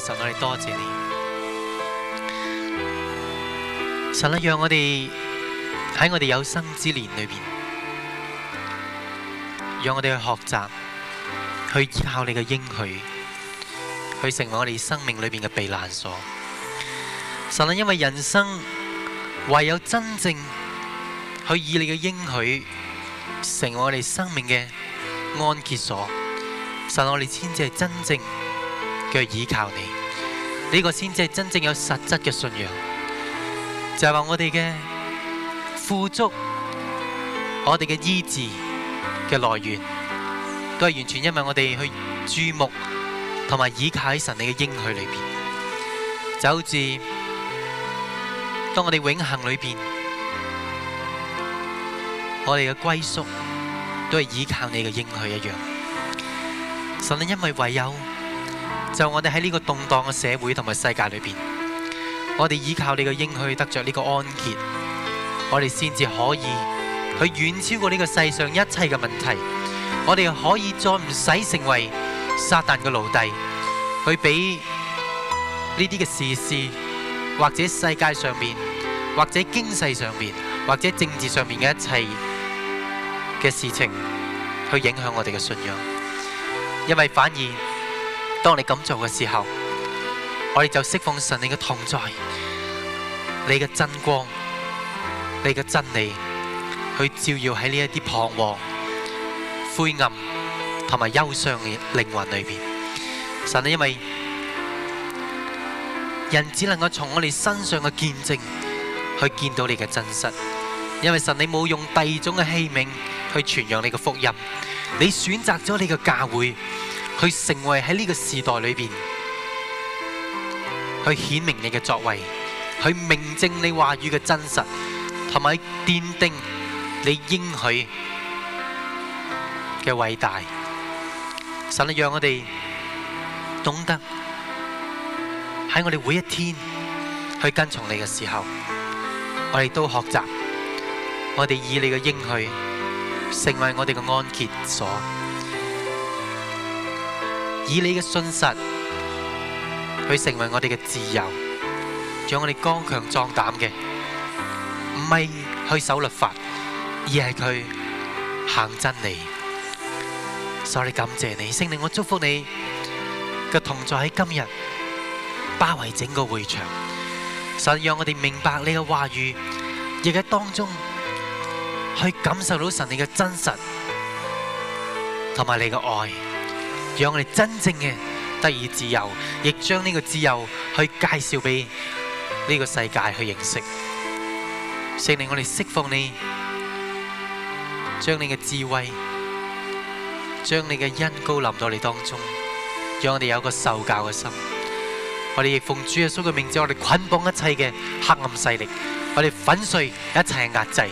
神，我哋多謝，謝你。神啊，讓我哋喺我哋有生之年裏邊，讓我哋去學習，去依靠你嘅應許，去成為我哋生命裏邊嘅避難所。神啊，因為人生唯有真正去以你嘅應許，成為我哋生命嘅安歇所，神我哋先至係真正。嘅依靠你，呢、這個先至係真正有實質嘅信仰。就係、是、話我哋嘅富足，我哋嘅醫治嘅來源，都係完全因為我哋去注目同埋倚靠喺神你嘅應許裏面。就好似當我哋永恆裏面，我哋嘅歸宿都係依靠你嘅應許一樣。神你因為唯有。就我哋喺呢個動盪嘅社會同埋世界裏邊，我哋依靠你嘅應許得着呢個安結，我哋先至可以去遠超過呢個世上一切嘅問題，我哋可以再唔使成為撒旦嘅奴隸，去俾呢啲嘅時事或者世界上面或者經濟上面或者政治上面嘅一切嘅事情去影響我哋嘅信仰，因為反而。當你咁做嘅時候，我哋就釋放神你嘅同在，你嘅真光，你嘅真理，去照耀喺呢一啲彷徨、灰暗同埋憂傷嘅靈魂裏邊。神你，因為人只能夠從我哋身上嘅見證，去見到你嘅真實。因為神你冇用第二種嘅器皿去傳揚你嘅福音，你選擇咗你嘅教會。去成為喺呢個時代裏面，去顯明你嘅作為，去明證你話語嘅真實，同埋奠定你應許嘅偉大。神啊，讓我哋懂得喺我哋每一天去跟從你嘅時候，我哋都學習，我哋以你嘅應許成為我哋嘅安歇所。以你嘅信實去成為我哋嘅自由，讓我哋剛強壯膽嘅，唔係去守律法，而係去行真理。所以感謝你，聖靈，我祝福你嘅同在喺今日，包圍整個會場，神讓我哋明白你嘅話語，亦喺當中去感受到神你嘅真實，同埋你嘅愛。讓我哋真正嘅得以自由，亦將呢個自由去介紹俾呢個世界去認識。聖靈，我哋釋放你，將你嘅智慧，將你嘅恩膏臨到你當中，讓我哋有個受教嘅心。我哋亦奉主耶穌嘅名字，我哋捆綁一切嘅黑暗勢力，我哋粉碎一切嘅壓制，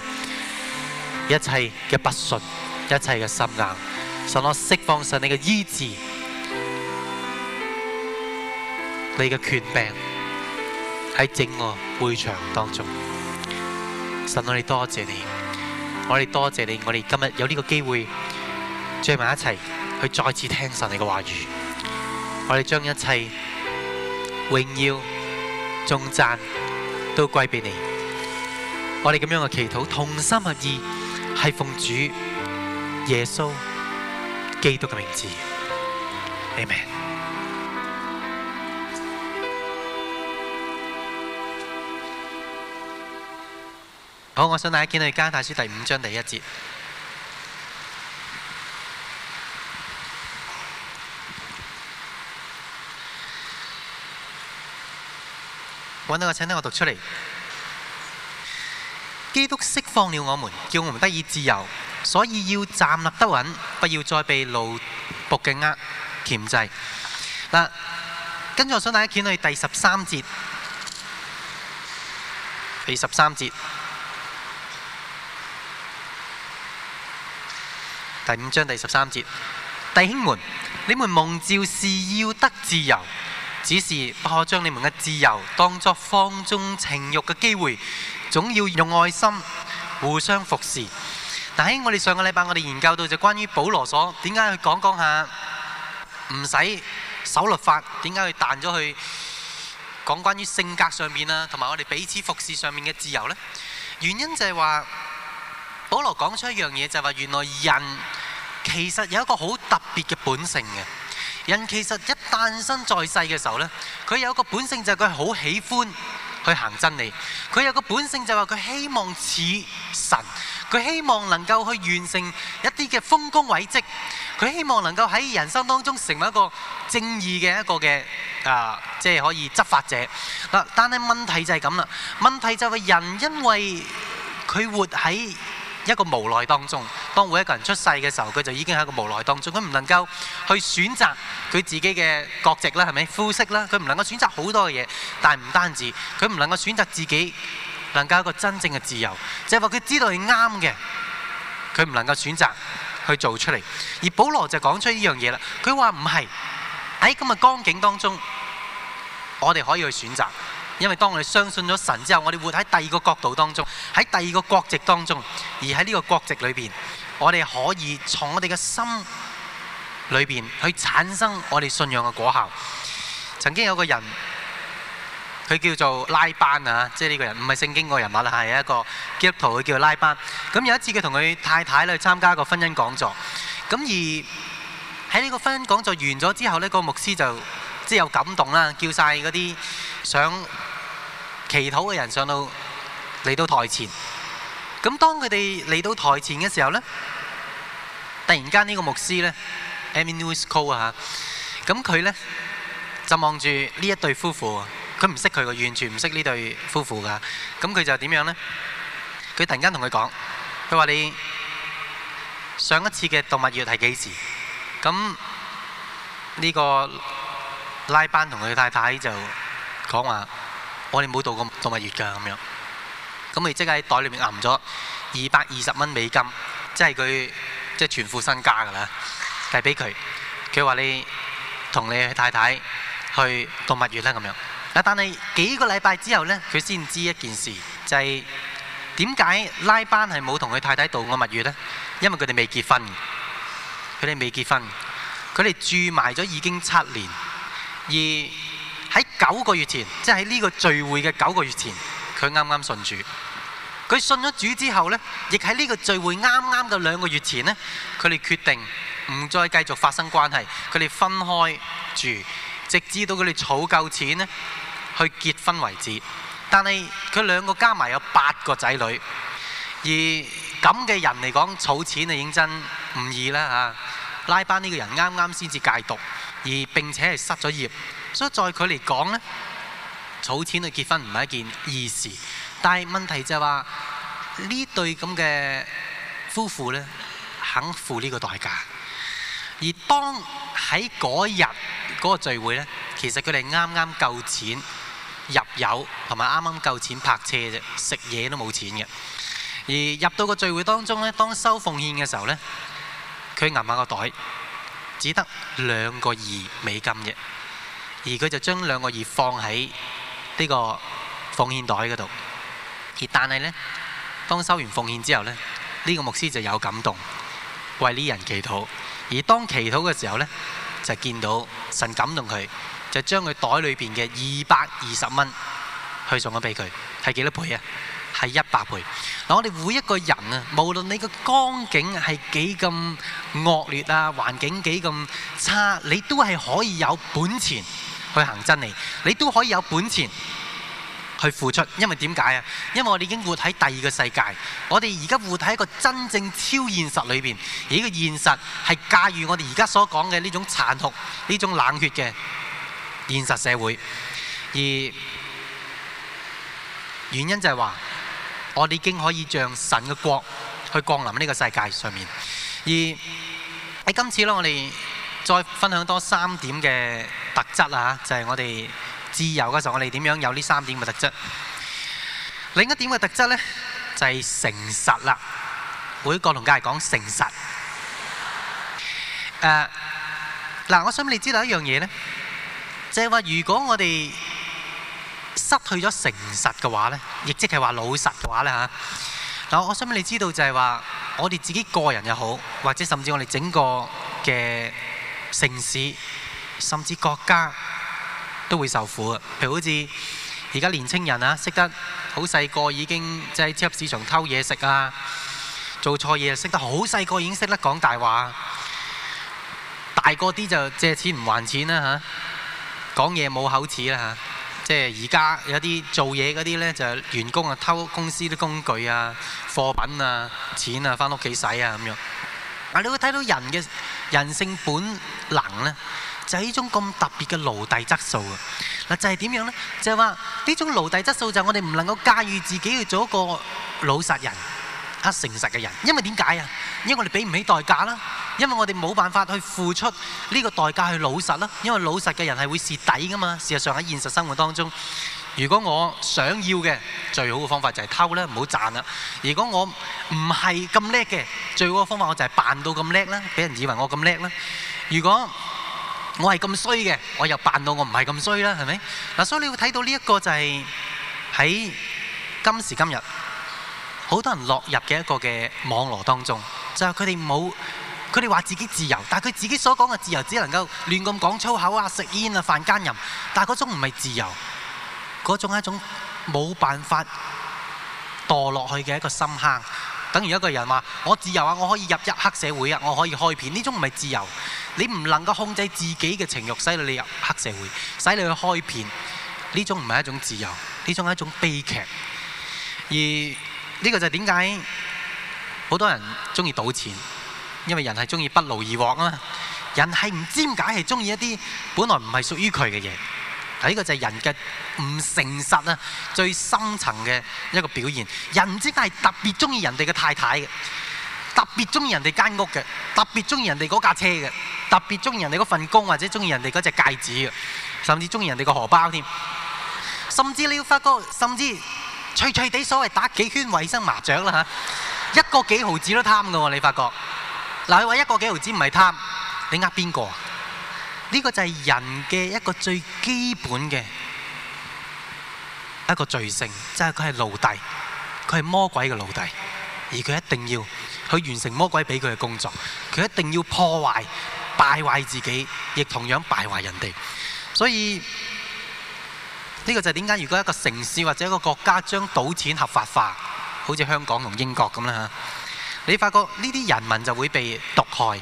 一切嘅不順，一切嘅心硬。神，我釋放神你嘅醫治，你嘅權柄喺整個會場當中。神，我哋多謝你，我哋多謝你，我哋今日有呢個機會聚埋一齊去再次聽神你嘅話語。我哋將一切榮耀、頌讚都歸俾你。我哋咁樣嘅祈禱，同心合意，係奉主耶穌基督嘅名字，Amen。好，我想帶大家見到加拉太書第五章第一節。我哋個神能我讀出嚟。基督釋放了我們，叫我們得以自由，所以要站立得穩，不要再被奴僕嘅軛挾制。嗱，跟住我想大家見去第十三節，第十三節，第五章第十三節，弟兄們，你們蒙召是要得自由。只是不可將你們嘅自由當作放縱情慾嘅機會，總要用愛心互相服事。但喺我哋上個禮拜，我哋研究到就關於保羅所點解去講講下，唔使守律法，點解去彈咗去講關於性格上面啊，同埋我哋彼此服事上面嘅自由呢？原因就係話，保羅講出一樣嘢，就係話原來人其實有一個好特別嘅本性嘅。人其實一誕生在世嘅時候呢，佢有個本性就係佢好喜歡去行真理，佢有個本性就係話佢希望似神，佢希望能夠去完成一啲嘅豐功偉績，佢希望能夠喺人生當中成為一個正義嘅一個嘅啊，即係可以執法者嗱。但係問題就係咁啦，問題就係人因為佢活喺一個無奈當中，當每一個人出世嘅時候，佢就已經喺一個無奈當中。佢唔能夠去選擇佢自己嘅國籍啦，係咪膚色啦？佢唔能夠選擇好多嘅嘢，但係唔單止，佢唔能夠選擇自己能夠有一個真正嘅自由，就係話佢知道係啱嘅，佢唔能夠選擇去做出嚟。而保羅就講出呢樣嘢啦，佢話唔係喺咁嘅光景當中，我哋可以去選擇。因為當我哋相信咗神之後，我哋活喺第二個角度當中，喺第二個國籍當中，而喺呢個國籍裏邊，我哋可以從我哋嘅心裏邊去產生我哋信仰嘅果效。曾經有個人，佢叫做拉班啊，即係呢個人唔係聖經個人物啦，係一個基督徒，佢叫做拉班。咁有一次佢同佢太太去參加一個婚姻講座，咁而喺呢個婚姻講座完咗之後咧，呢個牧師就即係有感動啦，叫曬嗰啲想祈禱嘅人上到嚟到台前，咁當佢哋嚟到台前嘅時候咧，突然間呢個牧師咧，Emilio 啊嚇，咁佢咧就望住呢一對夫婦，佢唔識佢嘅，完全唔識呢對夫婦噶，咁佢就點樣咧？佢突然間同佢講，佢話你上一次嘅動物約係幾時？咁呢個拉班同佢太太就講話。我哋冇度過蜜月噶，咁樣，咁佢即刻喺袋裏面揞咗二百二十蚊美金，即係佢即係全副身家噶啦，遞俾佢。佢話，你同你嘅太太去度蜜月啦咁樣。嗱，但係幾個禮拜之後呢，佢先知道一件事，就係點解拉班係冇同佢太太度過蜜月呢？因為佢哋未結婚，佢哋未結婚，佢哋住埋咗已經七年，而。喺九個月前，即係喺呢個聚會嘅九個月前，佢啱啱信主。佢信咗主之後呢，亦喺呢個聚會啱啱嘅兩個月前呢，佢哋決定唔再繼續發生關係，佢哋分開住，直至到佢哋儲夠錢呢去結婚為止。但係佢兩個加埋有八個仔女，而咁嘅人嚟講儲錢啊，認真唔易啦嚇。拉班呢個人啱啱先至戒毒，而並且係失咗業了。所以在他說，在佢嚟講呢儲錢去結婚唔係一件易事。但係問題就係話，呢對咁嘅夫婦呢，肯付呢個代價。而當喺嗰日嗰個聚會呢，其實佢哋啱啱夠錢入油，同埋啱啱夠錢泊車啫，食嘢都冇錢嘅。而入到個聚會當中呢，當收奉獻嘅時候呢，佢揞下個袋，只得兩個二美金嘅。而佢就將兩個月放喺呢個奉獻袋嗰度。而但係咧，當收完奉獻之後咧，呢個牧師就有感動，為呢人祈禱。而當祈禱嘅時候咧，就見到神感動佢，就將佢袋裏邊嘅二百二十蚊去送咗俾佢。係幾多倍啊？係一百倍。嗱，我哋每一個人啊，無論你嘅光景係幾咁惡劣啊，環境幾咁差，你都係可以有本錢。去行真理，你都可以有本錢去付出，因為點解啊？因為我哋已經活喺第二個世界，我哋而家活喺一個真正超現實裏邊，而呢個現實係駕馭我哋而家所講嘅呢種殘酷、呢種冷血嘅現實社會，而原因就係話，我哋已經可以將神嘅國去降臨呢個世界上面。而喺今次咧，我哋。再分享多三點嘅特質啊！嚇，就係我哋自由嗰時候，我哋點樣有呢三點嘅特質？另一點嘅特質咧，就係誠實啦。每個同家係講誠實。誒，嗱，我想畀你知道一樣嘢咧，就係話如果我哋失去咗誠實嘅話咧，亦即係話老實嘅話咧嚇。嗱，我想畀你知道就係話我哋自己個人又好，或者甚至我哋整個嘅。城市甚至國家都會受苦。譬如好似而家年青人啊，識得好細個已經即係喺超級市場偷嘢食啊，做錯嘢啊，識得好細個已經識得講大話，大個啲就借錢唔還錢啦嚇，講嘢冇口齒啦嚇，即係而家有啲做嘢嗰啲呢，就員工啊偷公司啲工具啊、貨品啊、錢啊翻屋企使啊咁樣。嗱，你會睇到人嘅人性本能呢，就係呢種咁特別嘅奴隸質素啊！嗱，就係點樣呢？就係話呢種奴隸質素就係我哋唔能夠駕馭自己去做一個老實人、啊誠實嘅人，因為點解啊？因為我哋俾唔起代價啦，因為我哋冇辦法去付出呢個代價去老實啦，因為老實嘅人係會蝕底噶嘛，事實上喺現實生活當中。如果我想要嘅最好嘅方法就係偷啦，唔好賺啦。如果我唔係咁叻嘅，最好嘅方法我就係扮到咁叻啦，俾人以為我咁叻啦。如果我係咁衰嘅，我又扮到我唔係咁衰啦，係咪？嗱，所以你要睇到呢一個就係喺今時今日好多人落入嘅一個嘅網絡當中，就係佢哋冇佢哋話自己自由，但係佢自己所講嘅自由只能夠亂咁講粗口啊、食煙啊、犯奸淫，但係嗰種唔係自由。嗰種係一種冇辦法墮落去嘅一個深坑，等於一個人話：「我自由啊，我可以入入黑社會啊，我可以開片。」呢種唔係自由，你唔能夠控制自己嘅情慾，使你入黑社會，使你去開片。呢種唔係一種自由，呢種係一種悲劇。而呢個就係點解好多人中意賭錢，因為人係中意不勞而獲啊！人係唔知點解係中意一啲本來唔係屬於佢嘅嘢。呢、這個就係人嘅唔誠實啊，最深層嘅一個表現。人唔知係特別中意人哋嘅太太嘅，特別中意人哋間屋嘅，特別中意人哋嗰架車嘅，特別中意人哋嗰份工或者中意人哋嗰隻戒指嘅，甚至中意人哋個荷包添。甚至你要發覺，甚至脆脆地所謂打幾圈衞生麻雀啦嚇，一個幾毫子都貪㗎喎，你發覺。嗱，你話一個幾毫子唔係貪，你呃邊個？呢個就係人嘅一個最基本嘅一個罪性，就係佢係奴隸，佢係魔鬼嘅奴隸，而佢一定要去完成魔鬼俾佢嘅工作，佢一定要破壞、敗壞自己，亦同樣敗壞人哋。所以呢個就係點解如果一個城市或者一個國家將賭錢合法化，好似香港同英國咁啦，你發覺呢啲人民就會被毒害。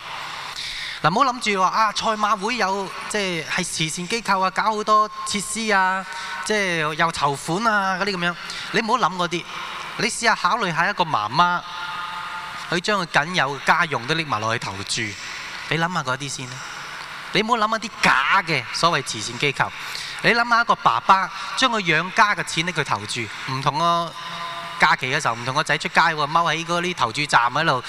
嗱，唔好諗住話啊，賽馬會有即係係慈善機構啊，搞好多設施啊，即係又籌款啊嗰啲咁樣，你唔好諗嗰啲。你試下考慮下一個媽媽，佢將佢僅有嘅家用都拎埋落去投注，你諗下嗰啲先。你唔好諗下啲假嘅所謂慈善機構。你諗下一個爸爸將佢養家嘅錢拎去投注，唔同個假期嘅時候，唔同個仔出街喎，踎喺嗰啲投注站喺度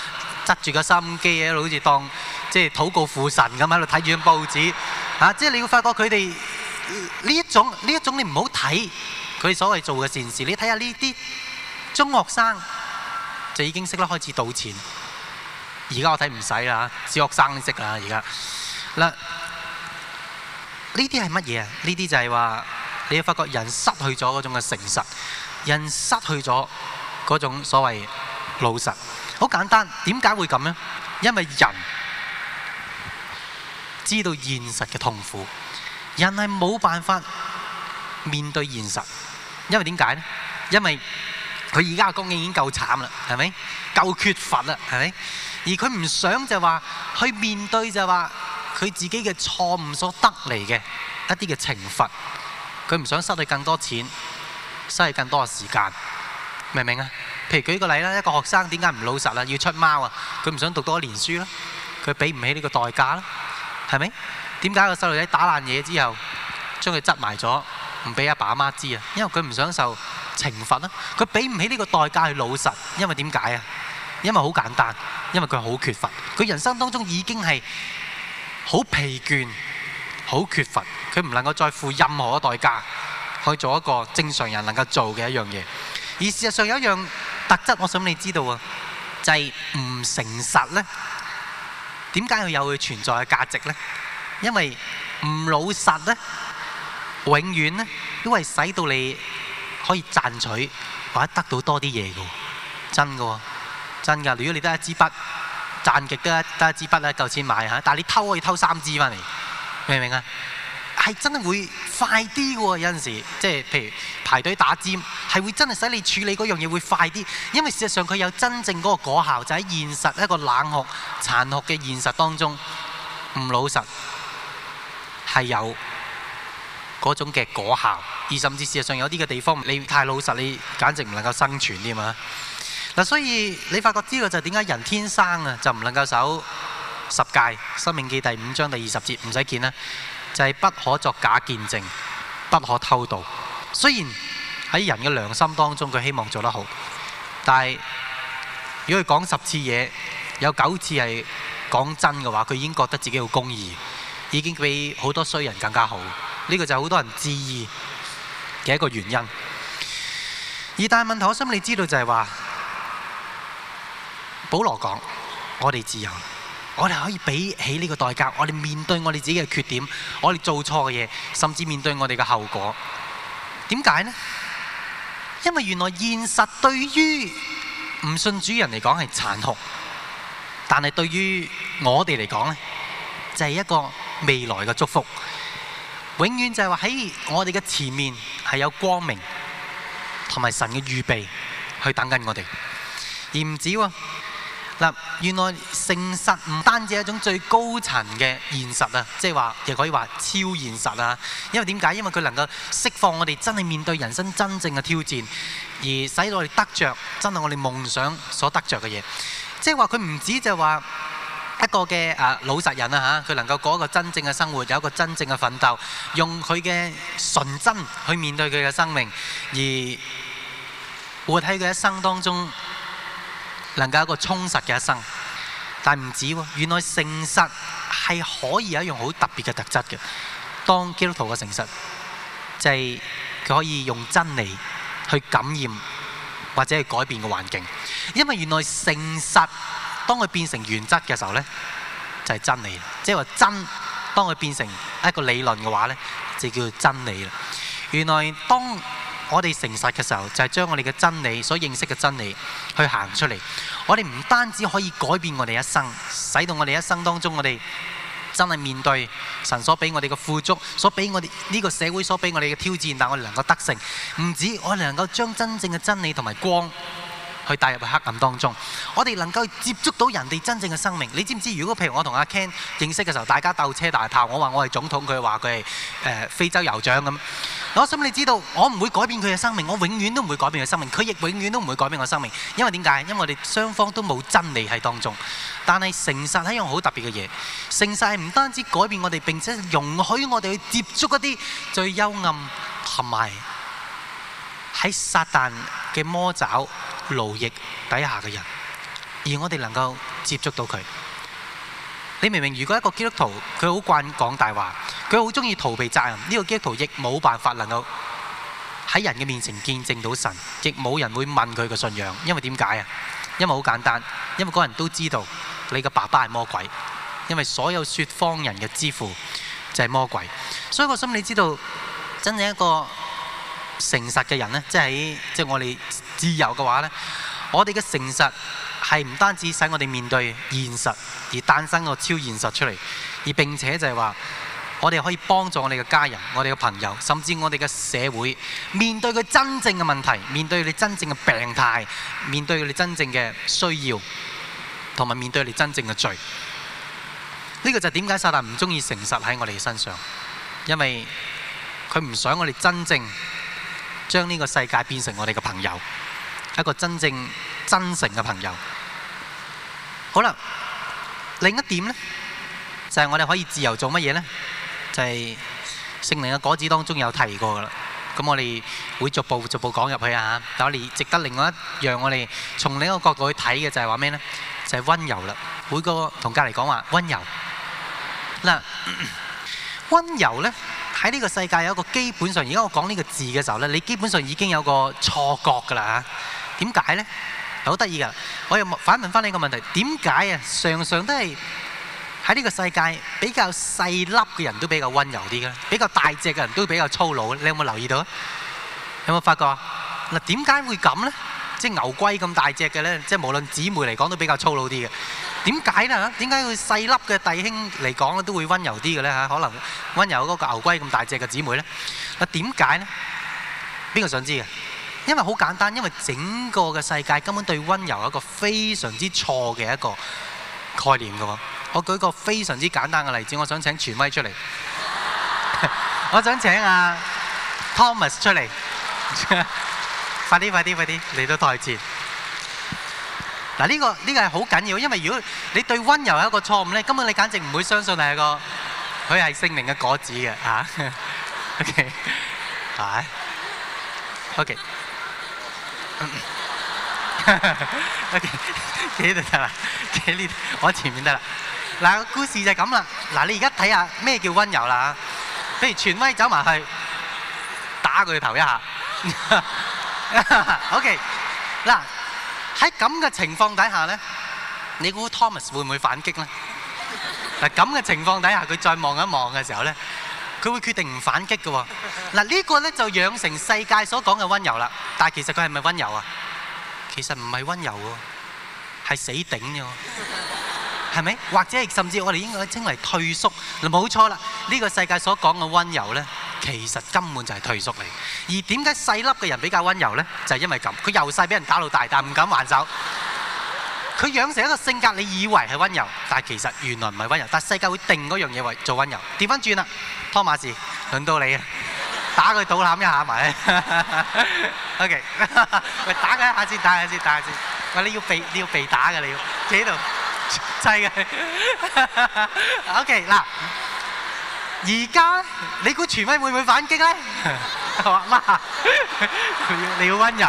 執住個心機，喺度好似當。即係禱告父神咁喺度睇住張報紙，啊、即係你要發覺佢哋呢一種呢一種，你唔好睇佢所謂做嘅善事，你睇下呢啲中學生就已經識得開始賭錢，而家我睇唔使啦，小學生都識啦而家，嗱，呢啲係乜嘢啊？呢啲就係話你要發覺人失去咗嗰種嘅誠實，人失去咗嗰種所謂老實。好簡單，點解會咁呢？因為人。知道現實嘅痛苦，人係冇辦法面對現實，因為點解咧？因為佢而家嘅境況已經夠慘啦，係咪？夠缺乏啦，係咪？而佢唔想就話去面對就話佢自己嘅錯誤所得嚟嘅一啲嘅懲罰，佢唔想失去更多錢，失去更多嘅時間，明唔明啊？譬如舉個例啦，一個學生點解唔老實啦？要出貓啊！佢唔想讀多一年書啦，佢俾唔起呢個代價啦。係咪？點解個細路仔打爛嘢之後，將佢執埋咗，唔俾阿爸阿媽知啊？因為佢唔想受懲罰啦。佢俾唔起呢個代價去老實，因為點解啊？因為好簡單，因為佢好缺乏。佢人生當中已經係好疲倦，好缺乏。佢唔能夠再付任何嘅代價去做一個正常人能夠做嘅一樣嘢。而事實上有一樣特質，我想你知道啊，就係唔誠實呢。點解佢有佢存在嘅價值呢？因為唔老實呢，永遠呢，都係使到你可以賺取或者得到多啲嘢嘅，真嘅，哦，真噶。如果你得一支筆，賺極得得一支筆啊，夠錢買吓。但係你偷可以偷三支翻嚟，明唔明啊？係真係會快啲喎，有陣時即係譬如排隊打尖，係會真係使你處理嗰樣嘢會快啲，因為事實上佢有真正嗰個果效，就喺現實一個冷酷殘酷嘅現實當中，唔老實係有嗰種嘅果效，而甚至事實上有啲嘅地方，你太老實，你簡直唔能夠生存添嘛。嗱，所以你發覺知道就點解人天生啊就唔能夠守十誡，《申命記》第五章第二十節不用，唔使見啦。就係、是、不可作假見證，不可偷盜。雖然喺人嘅良心當中，佢希望做得好，但係如果佢講十次嘢，有九次係講真嘅話，佢已經覺得自己好公義，已經比好多衰人更加好。呢、這個就係好多人質疑嘅一個原因。而大問題，我諗你知道就係話，保羅講：我哋自由。我哋可以比起呢個代價，我哋面對我哋自己嘅缺點，我哋做錯嘅嘢，甚至面對我哋嘅後果，點解呢？因為原來現實對於唔信主人嚟講係殘酷，但係對於我哋嚟講呢，就係一個未來嘅祝福，永遠就係話喺我哋嘅前面係有光明同埋神嘅預備去等緊我哋，而唔止喎。原來誠實唔單止係一種最高層嘅現實啊，即係話，亦可以話超現實啊！因為點解？因為佢能夠釋放我哋真係面對人生真正嘅挑戰，而使我哋得着真係我哋夢想所得着嘅嘢。即係話佢唔止就係話一個嘅啊老實人啊，嚇，佢能夠過一個真正嘅生活，有一個真正嘅奮鬥，用佢嘅純真去面對佢嘅生命，而活喺佢一生當中。能夠一個充實嘅一生，但唔止喎。原來誠實係可以有一樣好特別嘅特質嘅。當基督徒嘅誠實就係、是、佢可以用真理去感染或者係去改變個環境。因為原來誠實當佢變成原則嘅時候呢，就係、是、真理。即係話真當佢變成一個理論嘅話呢，就叫做真理啦。原來當我哋誠實嘅時候，就係、是、將我哋嘅真理所認識嘅真理去行出嚟。我哋唔單止可以改變我哋一生，使到我哋一生當中，我哋真係面對神所俾我哋嘅富足，所俾我哋呢、這個社會所俾我哋嘅挑戰，但我哋能夠得勝。唔止我哋能夠將真正嘅真理同埋光。去帶入去黑暗當中，我哋能夠接觸到人哋真正嘅生命。你知唔知？如果譬如我同阿 Ken 認識嘅時候，大家鬥車大炮，我話我係總統，佢話佢係非洲酋長咁。我心裏知道，我唔會改變佢嘅生命，我永遠都唔會改變佢生命。佢亦永遠都唔會改變我生命，因為點解？因為我哋雙方都冇真理喺當中。但係誠實係一樣好特別嘅嘢，誠實係唔單止改變我哋，並且容許我哋去接觸一啲最幽暗同埋。喺撒但嘅魔爪奴役底下嘅人，而我哋能夠接觸到佢。你明唔明？如果一個基督徒佢好慣講大話，佢好中意逃避責任，呢個基督徒亦冇辦法能夠喺人嘅面前見證到神，亦冇人會問佢嘅信仰，因為點解啊？因為好簡單，因為嗰人都知道你嘅爸爸係魔鬼，因為所有説謊人嘅之父就係魔鬼，所以我心裏知道真正一個。誠實嘅人呢，即係即係我哋自由嘅話呢，我哋嘅誠實係唔單止使我哋面對現實而誕生個超現實出嚟，而並且就係話我哋可以幫助我哋嘅家人、我哋嘅朋友，甚至我哋嘅社會面對佢真正嘅問題，面對你真正嘅病態，面對你真正嘅需要，同埋面對你真正嘅罪。呢個就點解撒旦唔中意誠實喺我哋身上？因為佢唔想我哋真正。將呢個世界變成我哋嘅朋友，一個真正真誠嘅朋友。好啦，另一點呢，就係我哋可以自由做乜嘢呢？就係聖靈嘅果子當中有提過噶啦。咁我哋會逐步逐步講入去啊。但我哋值得另外一樣，我哋從另一個角度去睇嘅就係話咩呢？就係温柔啦。每個同隔離講話温柔。嗱。温柔呢，喺呢個世界有個基本上，而家我講呢個字嘅時候呢，你基本上已經有個錯覺㗎啦嚇。點解呢？好得意㗎！我又反問翻你一個問題：點解啊？常常都係喺呢個世界比較細粒嘅人都比較温柔啲嘅，比較大隻嘅人都比較粗魯。你有冇留意到啊？有冇發覺啊？嗱，點解會咁呢？即係牛龜咁大隻嘅咧，即係無論姊妹嚟講都比較粗魯啲嘅。點解咧？點解佢細粒嘅弟兄嚟講咧都會温柔啲嘅咧？嚇，可能温柔嗰個牛龜咁大隻嘅姊妹咧，嗱，點解咧？邊個想知嘅？因為好簡單，因為整個嘅世界根本對温柔有一個非常之錯嘅一個概念㗎喎。我舉個非常之簡單嘅例子，我想請傳威出嚟。我想請阿 Thomas 出嚟。快啲，快啲，快啲嚟到台前。嗱，呢個呢個係好緊要，因為如果你對温柔係一個錯誤咧，根本你簡直唔會相信係個佢係聖靈嘅果子嘅嚇。OK，係嘛？OK，OK，企就得啦，企呢我前面得啦。嗱，個故事就係咁啦。嗱，你而家睇下咩叫温柔啦嚇。譬如全威走埋去打佢頭一下。O K，嗱，喺咁嘅情況底下呢，你估 Thomas 會唔會反擊呢？嗱，咁嘅情況底下，佢再望一望嘅時候呢，佢會決定唔反擊㗎喎。嗱，呢個呢就養成世界所講嘅温柔啦。但係其實佢係咪温柔啊？其實唔係温柔喎，係死頂嘅喎。係咪？或者甚至我哋應該稱為退縮，冇錯啦。呢個世界所講嘅温柔咧，其實根本就係退縮嚟。而點解細粒嘅人比較温柔咧？就係因為咁，佢由細俾人打到大，但係唔敢還手。佢養成一個性格，你以為係温柔，但係其實原來唔係温柔。但係世界會定嗰樣嘢為做温柔。調翻轉啦，湯馬士，輪到你啊！打佢肚腩一下，係咪？OK，喂，打佢一下先，打一下先，打一下先。喂，你要被你要被打嘅，你要企喺度。制嘅，OK 嗱，而家咧，你估全威會唔會反擊咧？好啊，嗱，你要溫柔。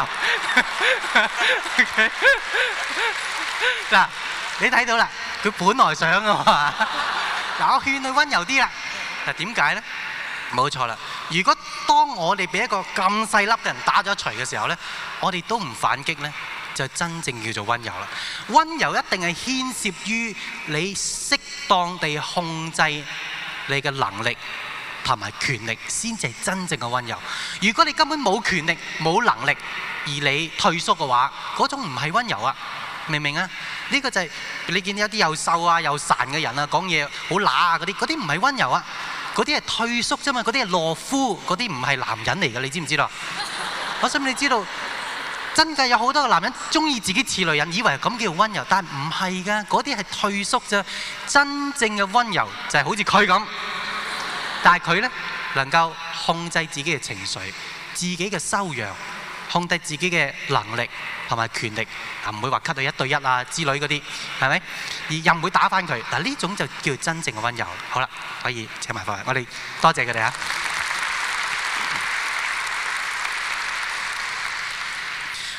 嗱，你睇到啦，佢本來想噶嘛嗱，我勸佢溫柔啲啦。嗱，點解咧？冇錯啦，如果當我哋俾一個咁細粒嘅人打咗一鎚嘅時候咧，我哋都唔反擊咧，就真正叫做温柔啦。温柔一定係牽涉於你適當地控制你嘅能力同埋權力，先至係真正嘅温柔。如果你根本冇權力、冇能力，而你退縮嘅話，嗰種唔係温柔啊！明唔明啊？呢、這個就係、是、你見到有啲又瘦啊、又孱嘅人啊，講嘢好乸啊嗰啲，嗰啲唔係温柔啊，嗰啲係退縮啫嘛，嗰啲係懦夫，嗰啲唔係男人嚟嘅，你知唔知道？ 我想你知道。真係有好多個男人中意自己似女人，以為咁叫溫柔，但唔係噶，嗰啲係退縮啫。真正嘅溫柔就係好似佢咁，但係佢呢，能夠控制自己嘅情緒、自己嘅修養、控制自己嘅能力同埋權力，啊唔會話咳到一對一啊之類嗰啲，係咪？而又唔會打翻佢，但呢種就叫真正嘅溫柔。好啦，可以請埋佢，我哋多謝佢哋啊。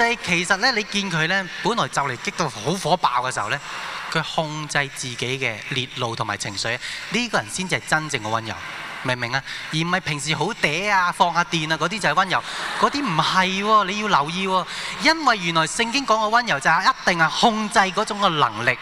就係、是、其實咧，你見佢咧，本來就嚟激到好火爆嘅時候咧，佢控制自己嘅烈怒同埋情緒，呢、這個人先至係真正嘅温柔，明唔明啊？而唔係平時好嗲啊、放下、啊、電啊嗰啲就係温柔，嗰啲唔係喎，你要留意喎，因為原來聖經講嘅温柔就係一定係控制嗰種嘅能力。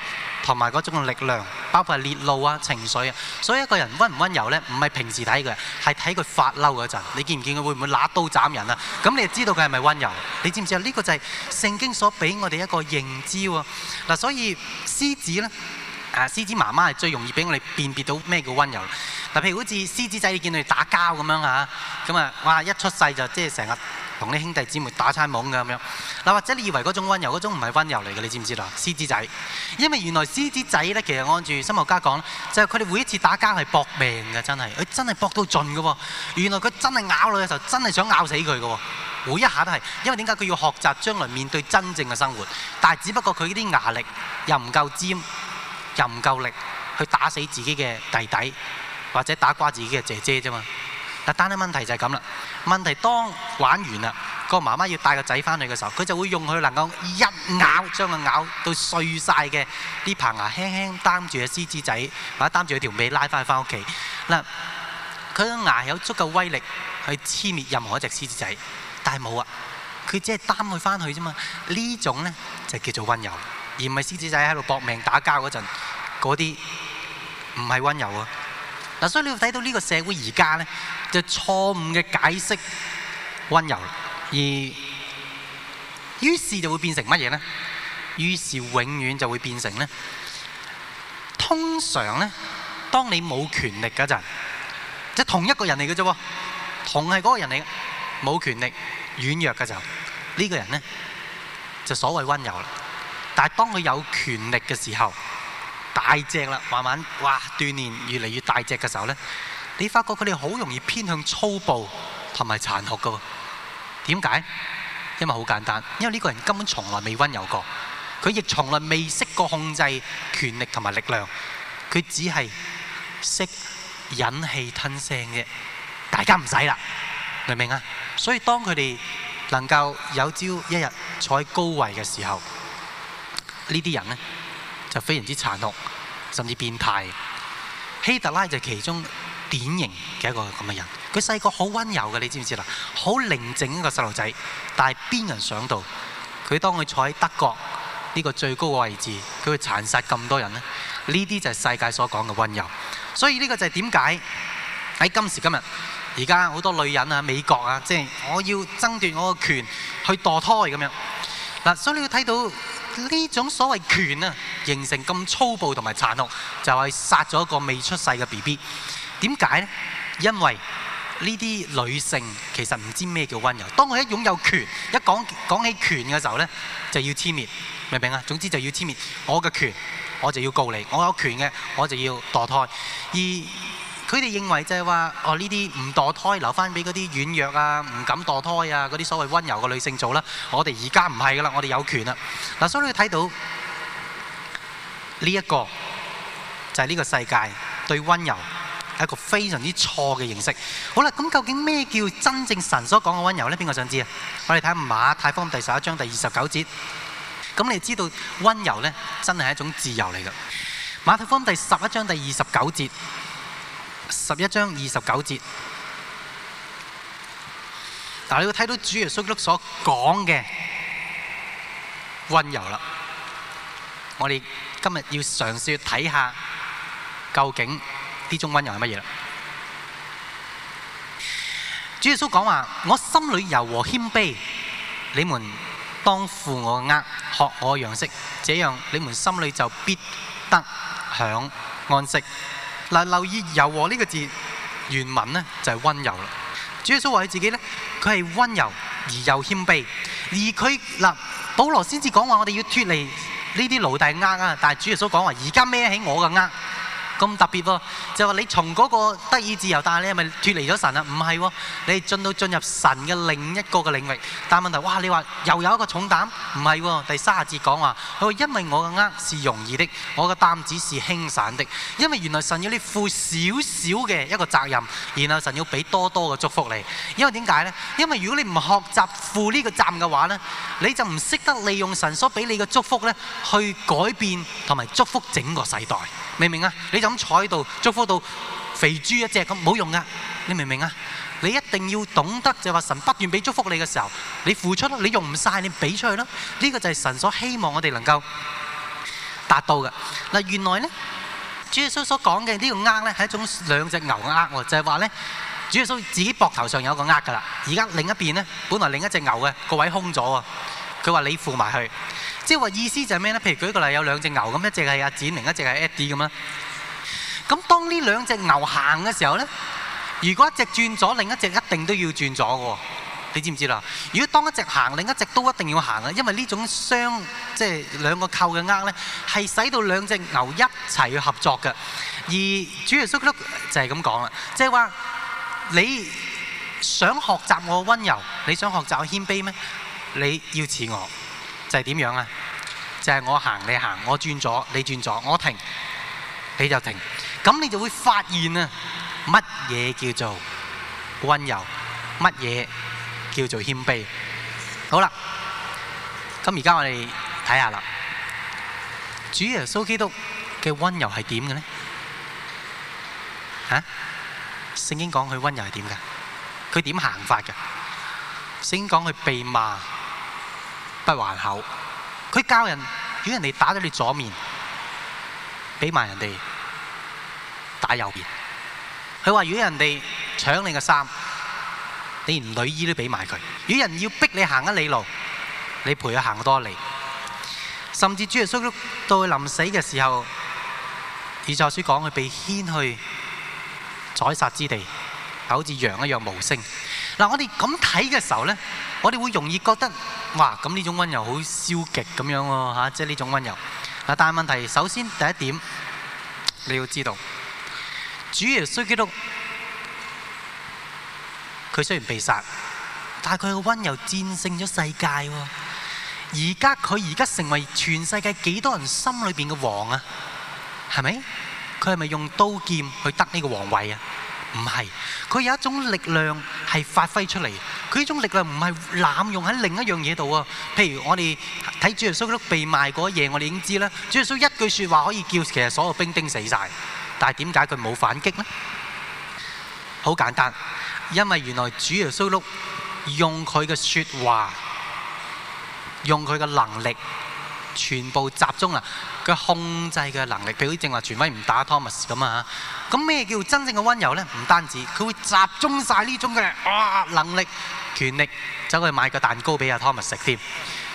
同埋嗰種力量，包括烈怒啊、情緒啊，所以一個人温唔温柔呢，唔係平時睇佢，係睇佢發嬲嗰陣。你見唔見佢會唔會拿刀斬人啊？咁你就知道佢係咪温柔？你知唔知啊？呢個就係聖經所俾我哋一個認知喎、啊。嗱、啊，所以獅子呢，誒、啊、獅子媽媽係最容易俾我哋辨別到咩叫温柔。嗱、啊，譬如好似獅子仔，你見佢打交咁樣啊，咁啊，哇！一出世就即係成日。同啲兄弟姊妹打餐懵嘅咁樣，嗱，或者你以為嗰種温柔，嗰種唔係温柔嚟嘅，你知唔知啦？獅子仔，因為原來獅子仔呢，其實按住生物學家講，就係佢哋每一次打交係搏命嘅，真係，佢真係搏到盡嘅喎。原來佢真係咬落去嘅時候，真係想咬死佢嘅喎，每一下都係。因為點解佢要學習將來面對真正嘅生活？但係只不過佢啲牙力又唔夠尖，又唔夠力去打死自己嘅弟弟，或者打瓜自己嘅姐姐啫嘛。嗱，但係問題就係咁啦。問題當玩完啦，個媽媽要帶個仔翻去嘅時候，佢就會用佢能夠一咬將個咬到碎晒嘅啲棚牙輕輕擔住個獅子仔，或者擔住佢條尾拉翻去翻屋企。嗱，佢個牙有足夠威力去殲滅任何一隻獅子仔，但係冇啊。佢只係擔佢翻去啫嘛。呢種呢就叫做温柔，而唔係獅子仔喺度搏命打交嗰陣嗰啲唔係温柔啊。嗱，所以你睇到呢個社會而家呢。就錯誤嘅解釋温柔，而於是就會變成乜嘢呢？於是永遠就會變成呢。通常呢，當你冇權力嗰陣，即係同一個人嚟嘅啫，同係嗰個人嚟，冇權力軟弱嘅時候，呢個人呢，就所謂温柔。但係當佢有權力嘅時候，大隻啦，慢慢哇鍛鍊越嚟越大隻嘅時候呢。你發覺佢哋好容易偏向粗暴同埋殘酷㗎喎？點解？因為好簡單，因為呢個人根本從來未温柔過，佢亦從來未識過控制權力同埋力量，佢只係識忍氣吞聲嘅。大家唔使啦，明唔明啊？所以當佢哋能夠有朝一日坐喺高位嘅時候，呢啲人呢，就非常之殘酷，甚至變態。希特拉就是其中典型嘅一個咁嘅人，佢細個好温柔嘅，你知唔知啦？好寧靜一個細路仔，但係邊人想到佢當佢坐喺德國呢個最高嘅位置，佢會殘殺咁多人呢？呢啲就係世界所講嘅温柔，所以呢個就係點解喺今時今日而家好多女人啊、美國啊，即係我要爭奪我個權去墮胎咁樣嗱。所以你要睇到呢種所謂權啊，形成咁粗暴同埋殘酷，就係殺咗一個未出世嘅 BB。點解呢？因為呢啲女性其實唔知咩叫温柔。當我一擁有權，一講講起權嘅時候呢，就要殲滅，明唔明啊？總之就要殲滅我嘅權，我就要告你。我有權嘅，我就要墮胎。而佢哋認為就係話：哦，呢啲唔墮胎，留翻俾嗰啲軟弱啊、唔敢墮胎啊嗰啲所謂温柔嘅女性做啦。我哋而家唔係噶啦，我哋有權啦。嗱，所以你睇到呢一個就係呢個世界對温柔。係一個非常之錯嘅認識。好啦，咁究竟咩叫真正神所講嘅温柔呢？邊個想知啊？我哋睇下馬太福音第十一章第二十九節。咁你知道温柔呢，真係一種自由嚟㗎。馬太福音第十一章第二十九節，十一章二十九節。嗱，你會睇到主耶穌所講嘅温柔啦。我哋今日要嘗試睇下究竟。呢種溫柔係乜嘢啦？主耶穌講話：我心裏柔和謙卑，你們當負我軛，學我樣式，這樣你們心裏就必得享安息。嗱，留意柔和呢個字原文呢，就係溫柔啦。主耶穌話佢自己呢，佢係溫柔而又謙卑，而佢嗱，保羅先至講話我哋要脫離呢啲奴隸軛啊，但係主耶穌講話而家孭起我嘅軛。咁特別喎，就話你從嗰個得以自由，但係你係咪脫離咗神啊？唔係喎，你進到進入神嘅另一個嘅領域。但係問題，哇！你話又有一個重擔？唔係喎，第三十節講話，佢話因為我嘅軛是容易的，我嘅擔子是輕省的。因為原來神要你負少少嘅一個責任，然後神要俾多多嘅祝福你。因為點解呢？因為如果你唔學習負呢個責嘅話呢，你就唔識得利用神所俾你嘅祝福呢，去改變同埋祝福整個世代。明唔明啊？你就咁坐喺度祝福到肥豬一隻咁，冇用噶。你明唔明啊？你一定要懂得，就係話神不斷俾祝福你嘅時候，你付出咯，你用唔晒你俾出去咯。呢個就係神所希望我哋能夠達到嘅。嗱，原來咧，主耶穌所講嘅呢個軛咧，係一種兩隻牛嘅軛喎，就係話咧，主耶穌自己膊頭上有個軛噶啦。而家另一邊咧，本來另一隻牛嘅個位空咗啊。佢話：你付埋去，即係話意思就係咩呢？譬如舉個例，有兩隻牛咁，一隻係阿展，另一隻係 Eddie 咁啦。咁當呢兩隻牛行嘅時候呢，如果一隻轉咗，另一隻一定都要轉咗嘅喎。你知唔知啦？如果當一隻行，另一隻都一定要行啦，因為呢種雙即係兩個扣嘅鈎呢，係使到兩隻牛一齊去合作嘅。而主耶穌就係咁講啦，即係話你想學習我溫柔，你想學習我謙卑咩？你要似我，就係點樣啊？就係我行你行，我轉左你轉左，我停你就停，咁你就會發現啊，乜嘢叫做溫柔？乜嘢叫做謙卑？好啦，咁而家我哋睇下啦，主耶穌基督嘅溫柔係點嘅呢？吓？聖經講佢溫柔係點噶？佢點行法噶？先講佢被罵不還口，佢教人：如果人哋打咗你左面，俾埋人哋打右邊。佢話：如果人哋搶你嘅衫，你連女衣都俾埋佢。如果人要逼你行一里路，你陪佢行多一里。甚至主耶穌到佢臨死嘅時候，以賽亞書講佢被牽去宰殺之地，係好似羊一樣無聲。嗱，我哋咁睇嘅時候咧，我哋會容易覺得，哇！咁呢種温柔好消極咁樣喎，嚇，即係呢種温柔。嗱，但係問題，首先第一點，你要知道，主耶穌基督，佢雖然被殺，但係佢嘅温柔戰勝咗世界喎。而家佢而家成為全世界幾多人心裏邊嘅王啊？係咪？佢係咪用刀劍去得呢個皇位啊？唔係，佢有一種力量係發揮出嚟。佢呢種力量唔係濫用喺另一樣嘢度啊。譬如我哋睇主耶穌嗰啲被賣嗰夜，我哋已經知啦。主耶穌一句說話可以叫其實所有兵丁死晒，但係點解佢冇反擊呢？好簡單，因為原來主耶穌祿用佢嘅說話，用佢嘅能力。全部集中啦，佢控制嘅能力，比如正話權威唔打 Thomas 咁啊吓。咁咩叫真正嘅溫柔呢？唔單止，佢會集中晒呢種嘅啊能力、權力，走去買個蛋糕俾阿 Thomas 食添。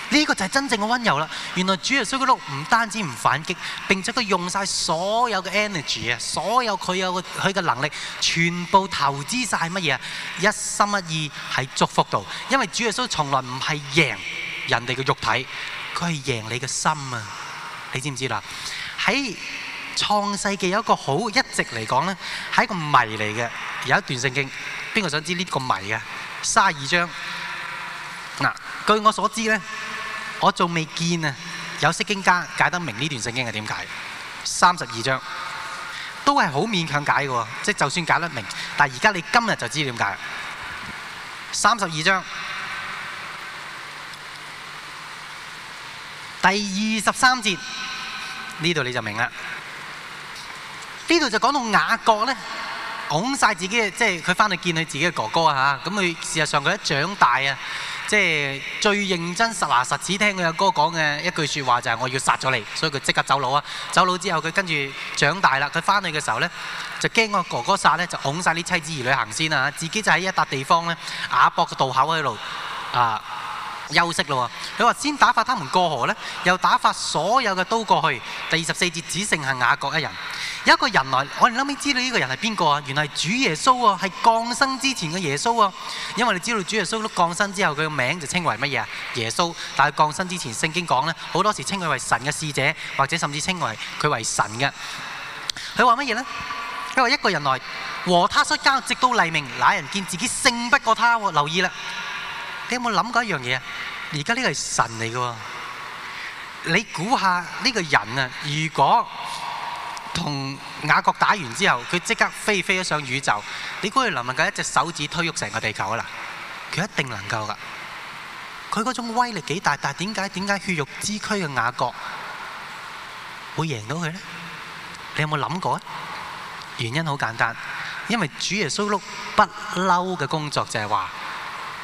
呢個就係真正嘅溫柔啦。原來主耶穌基督唔單止唔反擊，並且佢用晒所有嘅 energy 啊，所有佢有佢嘅能力，全部投資晒乜嘢，一心一意喺祝福度。因為主耶穌從來唔係贏人哋嘅肉體。佢係贏你嘅心啊！你知唔知啦？喺創世記有一個好一直嚟講呢，係一個謎嚟嘅。有一段聖經，邊個想知呢個謎啊？三十二章嗱，據我所知呢，我仲未見啊，有釋經家解得明呢段聖經係點解？三十二章都係好勉強解嘅喎，即係就算解得明，但係而家你今日就知點解的？三十二章。第二十三節呢度你就明啦，呢度就講到雅各呢，拱晒自己嘅，即係佢翻去見佢自己嘅哥哥啊嚇，咁佢事實上佢一長大啊，即係最認真實話實語聽佢阿哥講嘅一句説話就係我要殺咗你，所以佢即刻走佬啊，走佬之後佢跟住長大啦，佢翻去嘅時候呢，就驚個哥哥殺呢，就拱晒啲妻子兒女行先啊，自己就喺一笪地方呢，雅博個渡口喺度啊。休息咯。佢話先打發他們過河呢，又打發所有嘅都過去。第二十四節只剩下雅各一人，有一個人來，我哋諗起知道呢個人係邊個啊？原嚟主耶穌喎，係降生之前嘅耶穌喎。因為你知道主耶穌都降生之後，佢個名就稱為乜嘢啊？耶穌。但係降生之前，聖經講呢，好多時稱佢為神嘅使者，或者甚至稱為佢為神嘅。佢話乜嘢呢？佢話一個人來和他摔跤，直到黎明。那人見自己勝不過他喎，留意啦。你有冇諗過一樣嘢？而家呢個係神嚟噶你估下呢個人啊？如果同雅各打完之後，佢即刻飛飛咗上宇宙，你估佢能唔能夠一隻手指推喐成個地球啊？佢一定能夠噶佢嗰種威力幾大，但係點解，點解血肉之軀嘅雅各會贏到佢呢？你有冇諗過啊？原因好簡單，因為主耶穌碌不嬲嘅工作就係話。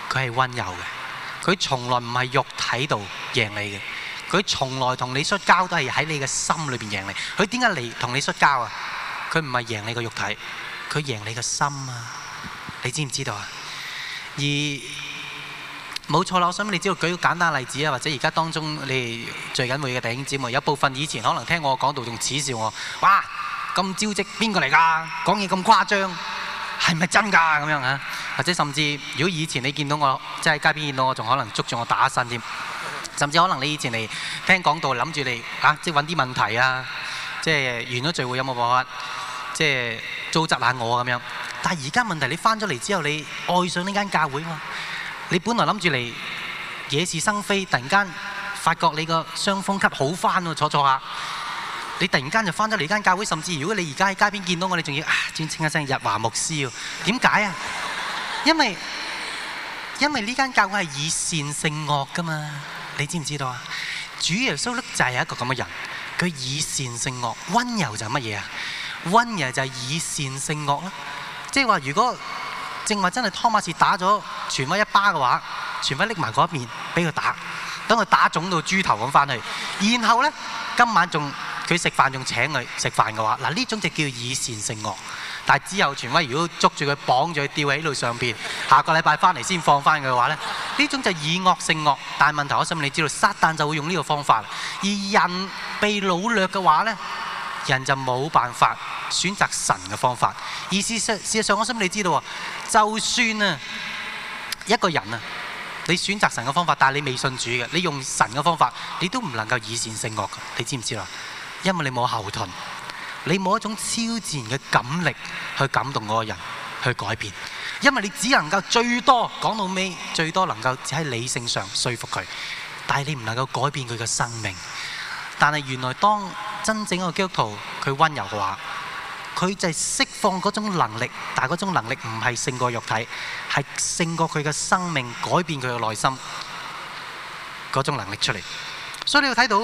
佢係温柔嘅，佢從來唔係肉體度贏你嘅，佢從來同你摔跤都係喺你嘅心裏邊贏你。佢點解嚟同你摔跤啊？佢唔係贏你個肉體，佢贏你個心啊！你知唔知道啊？而冇錯啦，我想畀你知道，舉個簡單例子啊，或者而家當中你哋最緊要嘅弟兄姊妹，有部分以前可能聽我講道仲恥笑我，哇！咁招積邊個嚟㗎？講嘢咁誇張。係咪真㗎咁樣啊？或者甚至，如果以前你見到我，即係街邊見到我，仲可能捉住我打一身添。甚至可能你以前嚟聽講道，諗住嚟啊，即係揾啲問題啊，即係完咗聚會有冇辦法，即係糟質下我咁、啊、樣。但係而家問題，你翻咗嚟之後，你愛上呢間教會嘛、啊。你本來諗住嚟惹是生非，突然間發覺你個傷風咳好翻喎、啊，坐坐下。你突然間就翻咗嚟呢間教會，甚至如果你而家喺街邊見到我，你仲要啊尊稱一聲日華牧師喎？點解啊？因為因為呢間教會係以善勝惡噶嘛，你知唔知道啊？主耶穌就係一個咁嘅人，佢以善勝惡，溫柔就係乜嘢啊？溫柔就係以善勝惡啦。即係話如果正話真係湯馬士打咗全威一巴嘅話，全威拎埋嗰一邊俾佢打，等佢打腫到豬頭咁翻去，然後呢，今晚仲。佢食飯仲請佢食飯嘅話，嗱呢種就叫以善勝惡。但係只有權威，如果捉住佢綁住佢吊喺路上邊，下個禮拜翻嚟先放翻佢嘅話咧，呢種就以惡勝惡。但係問題，我心你知道撒旦就會用呢個方法，而人被擄掠嘅話呢，人就冇辦法選擇神嘅方法。而事實事實上，我心你知道，啊，就算啊一個人啊，你選擇神嘅方法，但係你未信主嘅，你用神嘅方法，你都唔能夠以善勝惡㗎。你知唔知啊？因為你冇後盾，你冇一種超自然嘅感力去感動嗰個人去改變。因為你只能夠最多講到尾，最多能夠只喺理性上說服佢，但係你唔能夠改變佢嘅生命。但係原來當真正嘅基督徒，佢温柔嘅話，佢就係釋放嗰種能力，但係嗰種能力唔係勝過肉體，係勝過佢嘅生命，改變佢嘅內心嗰種能力出嚟。所以你要睇到。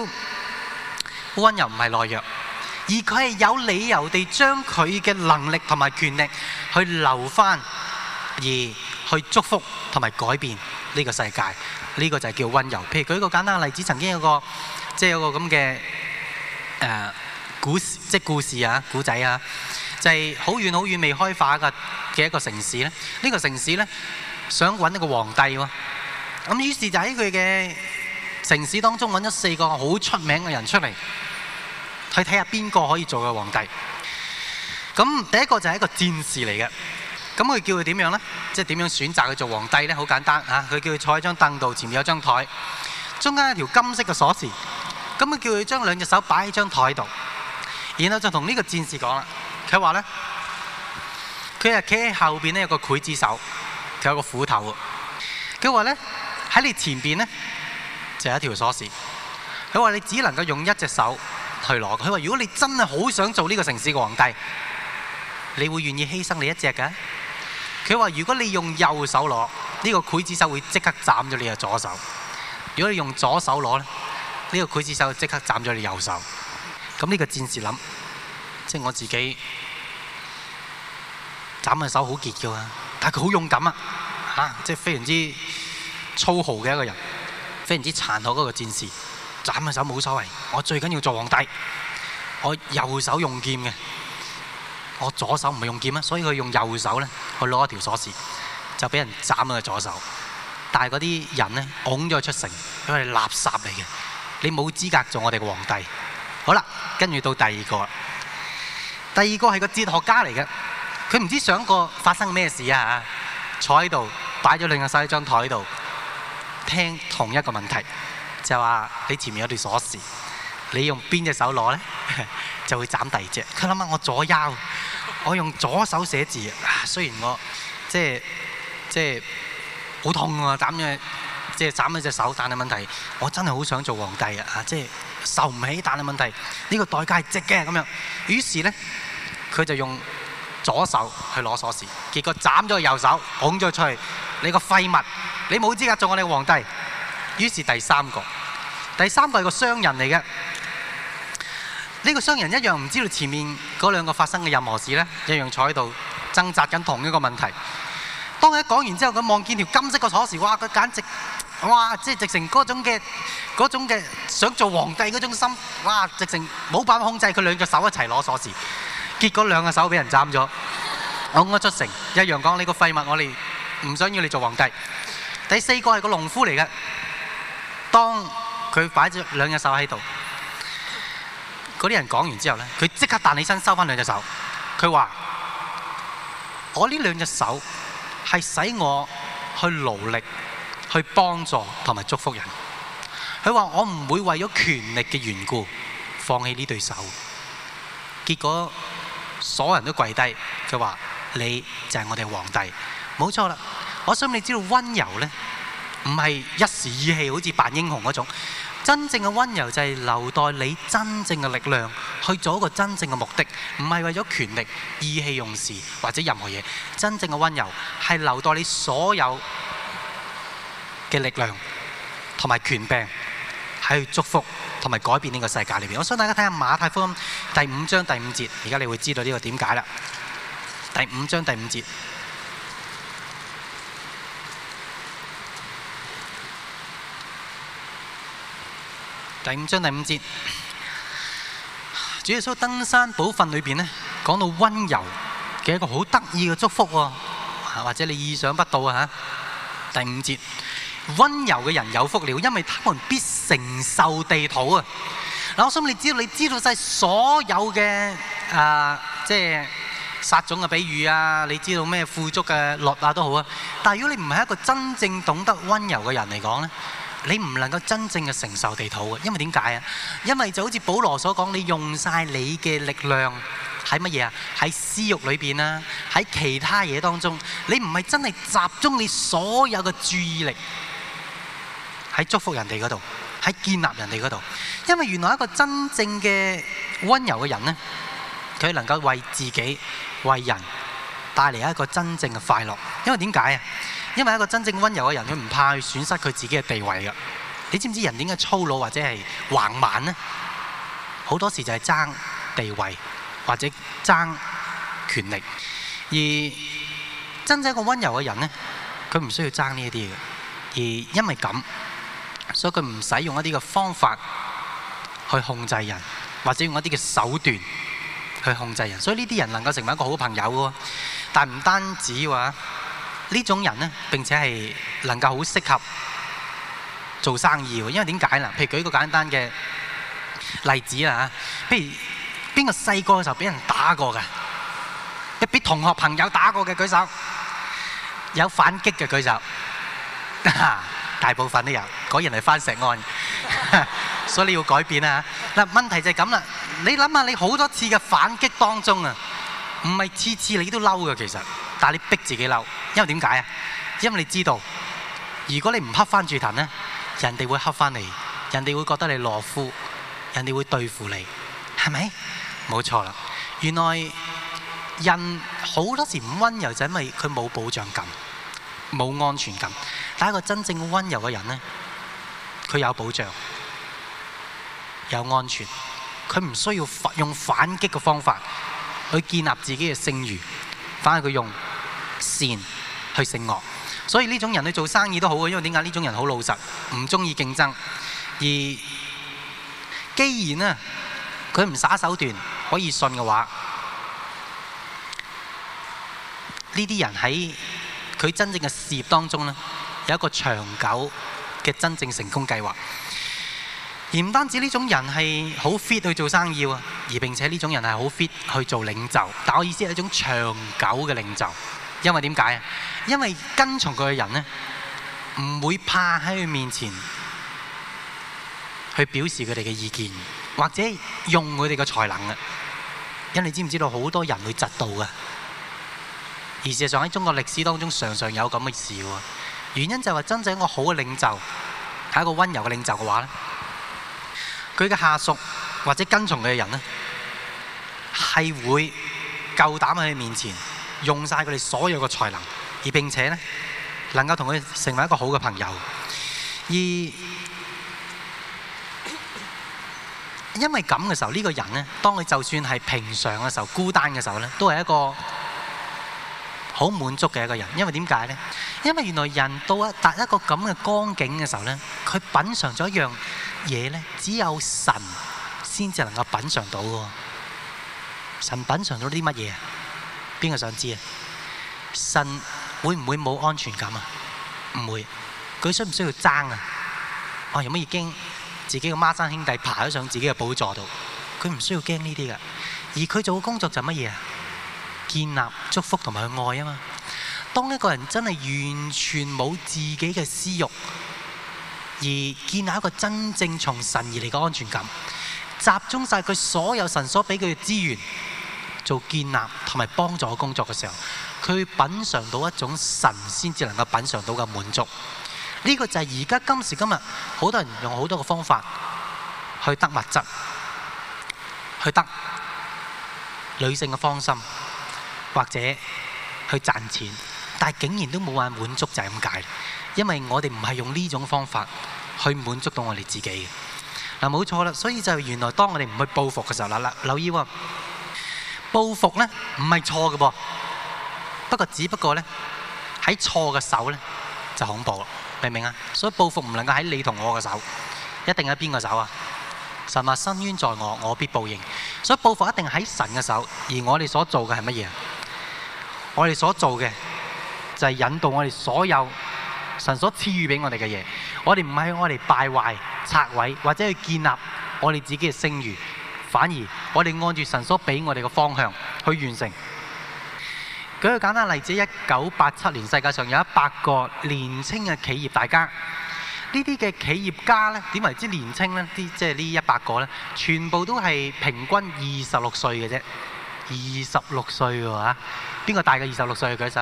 溫柔唔係懦弱，而佢係有理由地將佢嘅能力同埋權力去留返，而去祝福同埋改變呢個世界。呢、這個就係叫溫柔。譬如舉一個簡單嘅例子，曾經有個即係有個咁嘅、呃、故事，即係故事啊、古仔啊，就係好遠好遠未開發嘅嘅一個城市咧。呢、這個城市咧想搵一個皇帝喎、啊。咁於是就喺佢嘅。城市當中揾咗四個好出名嘅人出嚟，去睇下邊個可以做個皇帝。咁第一個就係一個戰士嚟嘅，咁佢叫佢點樣呢？即係點樣選擇去做皇帝呢？好簡單啊！佢叫佢坐喺張凳度，前面有一張台，中間有一條金色嘅鎖匙。咁佢叫佢將兩隻手擺喺張台度，然後就同呢個戰士講啦。佢話呢，佢係企喺後邊呢，有個劊子手，佢有個斧頭。佢話呢，喺你前邊呢。就係、一條鎖匙。佢話：你只能夠用一隻手去攞。佢話：如果你真係好想做呢個城市嘅皇帝，你會願意犧牲你一隻嘅。佢話：如果你用右手攞，呢、呢個劊子手會即刻斬咗你嘅左手；如果你用左手攞咧，呢、呢個劊子手即刻斬咗你右手。咁呢個戰士諗，即、就、係、是、我自己斬嘅手好傑㗎喎，但係佢好勇敢啊！嚇，即係非常之粗豪嘅一個人。非常之殘酷嗰個戰士，斬下手冇所謂。我最緊要做皇帝，我右手用劍嘅，我左手唔係用劍啊，所以佢用右手咧，佢攞一條鎖匙，就俾人斬咗個左手。但係嗰啲人咧，拱咗出，出城，佢係垃圾嚟嘅，你冇資格做我哋嘅皇帝。好啦，跟住到第二個啦，第二個係個哲學家嚟嘅，佢唔知想過發生咩事啊，坐喺度擺咗另架晒張台度。聽同一個問題，就話你前面有條鎖匙，你用邊隻手攞呢？ 就會斬第二隻。佢諗下我左右，我用左手寫字，啊、雖然我即係即係好痛啊，斬咗即係斬咗隻手，但係問題我真係好想做皇帝啊！即係受唔起，但係問題呢、呢個代價係值嘅咁樣。於是呢，佢就用左手去攞鎖匙，結果斬咗右手，拱咗出去。你個廢物，你冇資格做我哋皇帝。於是第三個，第三個係個商人嚟嘅。呢個商人一樣唔知道前面嗰兩個發生嘅任何事咧，一樣坐喺度掙扎緊同一個問題。當佢一講完之後，佢望見條金色嘅鎖匙，哇！佢簡直，哇！即係直成嗰種嘅嗰種嘅想做皇帝嗰種心，哇！直成冇辦法控制佢兩隻手一齊攞鎖匙。結果兩隻手俾人斬咗，我趕出城，一樣講呢個廢物，我哋唔想要你做皇帝。第四個係個農夫嚟嘅，當佢擺咗兩隻手喺度，嗰啲人講完之後呢，佢即刻彈起身收翻兩隻手，佢話：我呢兩隻手係使我去勞力去幫助同埋祝福人。佢話我唔會為咗權力嘅緣故放棄呢對手。結果。所有人都跪低，就話：「你就係我哋皇帝，冇錯啦。」我想你知道温柔呢，唔係一時意氣，好似扮英雄嗰種。真正嘅温柔就係留待你真正嘅力量去做一個真正嘅目的，唔係為咗權力、意氣用事或者任何嘢。真正嘅温柔係留待你所有嘅力量同埋權柄。喺去祝福同埋改變呢個世界裏邊，我想大家睇下馬太福音第五章第五節，而家你會知道呢個點解啦。第五章第五節，第五章第五節，主耶穌登山寶訓裏邊呢，講到温柔嘅一個好得意嘅祝福喎，或者你意想不到啊！第五節。温柔嘅人有福了，因為他們必承受地土啊！嗱，我想你知道，你知道曬所有嘅誒，即係撒種嘅比喻啊，你知道咩富足嘅樂啊都好啊。但係如果你唔係一個真正懂得温柔嘅人嚟講咧，你唔能夠真正嘅承受地土啊！因為點解啊？因為就好似保羅所講，你用曬你嘅力量喺乜嘢啊？喺私欲裏邊啊，喺其他嘢當中，你唔係真係集中你所有嘅注意力。喺祝福人哋嗰度，喺建立人哋嗰度，因為原來一個真正嘅溫柔嘅人呢，佢能夠為自己、為人帶嚟一個真正嘅快樂，因為點解啊？因為一個真正溫柔嘅人，佢唔怕去損失佢自己嘅地位㗎。你知唔知人點解粗魯或者係橫蠻呢？好多時就係爭地位或者爭權力。而真正一個溫柔嘅人呢，佢唔需要爭呢一啲嘅。而因為咁。所以佢唔使用一啲嘅方法去控制人，或者用一啲嘅手段去控制人。所以呢啲人能夠成為一個好朋友。但唔單止話，呢種人呢，並且係能夠好適合做生意，因為點解呢？譬如舉個簡單嘅例子啊，譬如邊個細個嘅時候俾人打過嘅，一俾同學朋友打過嘅舉手，有反擊嘅舉手。 大部分都有果然係翻石安，所以你要改變啊。嗱，問題就係咁啦。你諗下，你好多次嘅反擊當中啊，唔係次次你都嬲嘅，其實，但係你逼自己嬲，因為點解啊？因為你知道，如果你唔黑翻住藤呢，人哋會黑翻你，人哋會覺得你懦夫，人哋會對付你，係咪？冇錯啦。原來人好多時唔温柔，就係因為佢冇保障感。冇安全感，但係一個真正嘅温柔嘅人呢，佢有保障，有安全，佢唔需要用反擊嘅方法去建立自己嘅聲譽，反而佢用善去勝惡。所以呢種人去做生意都好嘅，因為點解呢？種人好老實，唔鍾意競爭。而既然呢，佢唔耍手段，可以信嘅話，呢啲人喺。佢真正嘅事業當中呢，有一個長久嘅真正成功計劃。而唔單止呢種人係好 fit 去做生意啊，而並且呢種人係好 fit 去做領袖。但我意思係一種長久嘅領袖，因為點解？因為跟從佢嘅人呢，唔會怕喺佢面前去表示佢哋嘅意見，或者用佢哋嘅才能嘅。因為你知唔知道好多人會嫉妒嘅？而事實上喺中國歷史當中，常常有咁嘅事喎。原因就係話，真正一個好嘅領袖，係一個温柔嘅領袖嘅話呢，佢嘅下屬或者跟從佢嘅人呢，係會夠膽喺佢面前用晒佢哋所有嘅才能，而並且呢能夠同佢成為一個好嘅朋友。而因為咁嘅時候，呢個人呢，當佢就算係平常嘅時候、孤單嘅時候呢，都係一個好滿足嘅一個人，因為點解呢？因為原來人到達一個咁嘅光景嘅時候呢，佢品嚐咗一樣嘢呢，只有神先至能夠品嚐到喎。神品嚐到啲乜嘢？邊個想知啊？神會唔會冇安全感啊？唔會。佢需唔需要爭啊？哇！有乜已經自己嘅孖生兄弟爬咗上自己嘅寶座度，佢唔需要驚呢啲噶。而佢做嘅工作就係乜嘢啊？建立祝福同埋愛啊嘛！當一個人真係完全冇自己嘅私欲，而建立一個真正從神而嚟嘅安全感，集中晒佢所有神所俾佢嘅資源做建立同埋幫助嘅工作嘅時候，佢品嘗到一種神先至能夠品嘗到嘅滿足。呢個就係而家今時今日好多人用好多嘅方法去得物質，去得女性嘅芳心。或者去賺錢，但係竟然都冇話滿足，就係咁解。因為我哋唔係用呢種方法去滿足到我哋自己嘅，嗱，冇錯啦。所以就原來當我哋唔去報復嘅時候，嗱嗱留意喎，報復呢唔係錯嘅噃。不過只不過呢，喺錯嘅手呢就恐怖咯，明唔明啊？所以報復唔能夠喺你同我嘅手，一定喺邊個手啊？神話：伸冤在我，我必報應。所以報復一定喺神嘅手，而我哋所做嘅係乜嘢？我哋所做嘅就係引導我哋所有神所賜予俾我哋嘅嘢。我哋唔係我哋敗壞拆毀，或者去建立我哋自己嘅聲譽，反而我哋按住神所俾我哋嘅方向去完成。舉個簡單例子，一九八七年世界上有一百個年青嘅企業大家，呢啲嘅企業家呢點為之年青呢？啲即係呢一百個呢，全部都係平均二十六歲嘅啫，二十六歲喎。邊個大過二十六歲？舉手。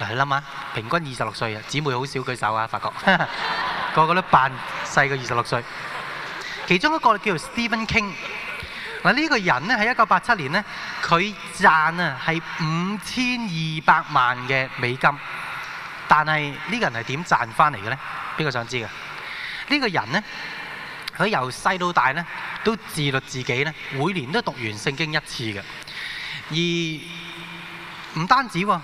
嗱，你諗下，平均二十六歲啊，姊妹好少舉手啊，發覺 個個都扮細過二十六歲。其中一個叫做 Stephen King。嗱，呢個人呢，喺一九八七年呢，佢賺啊係五千二百萬嘅美金。但係呢個人係點賺翻嚟嘅呢？邊個想知㗎？呢、呢個人呢，佢由細到大呢，都自律自己咧，每年都讀完聖經一次嘅。而唔單止喎，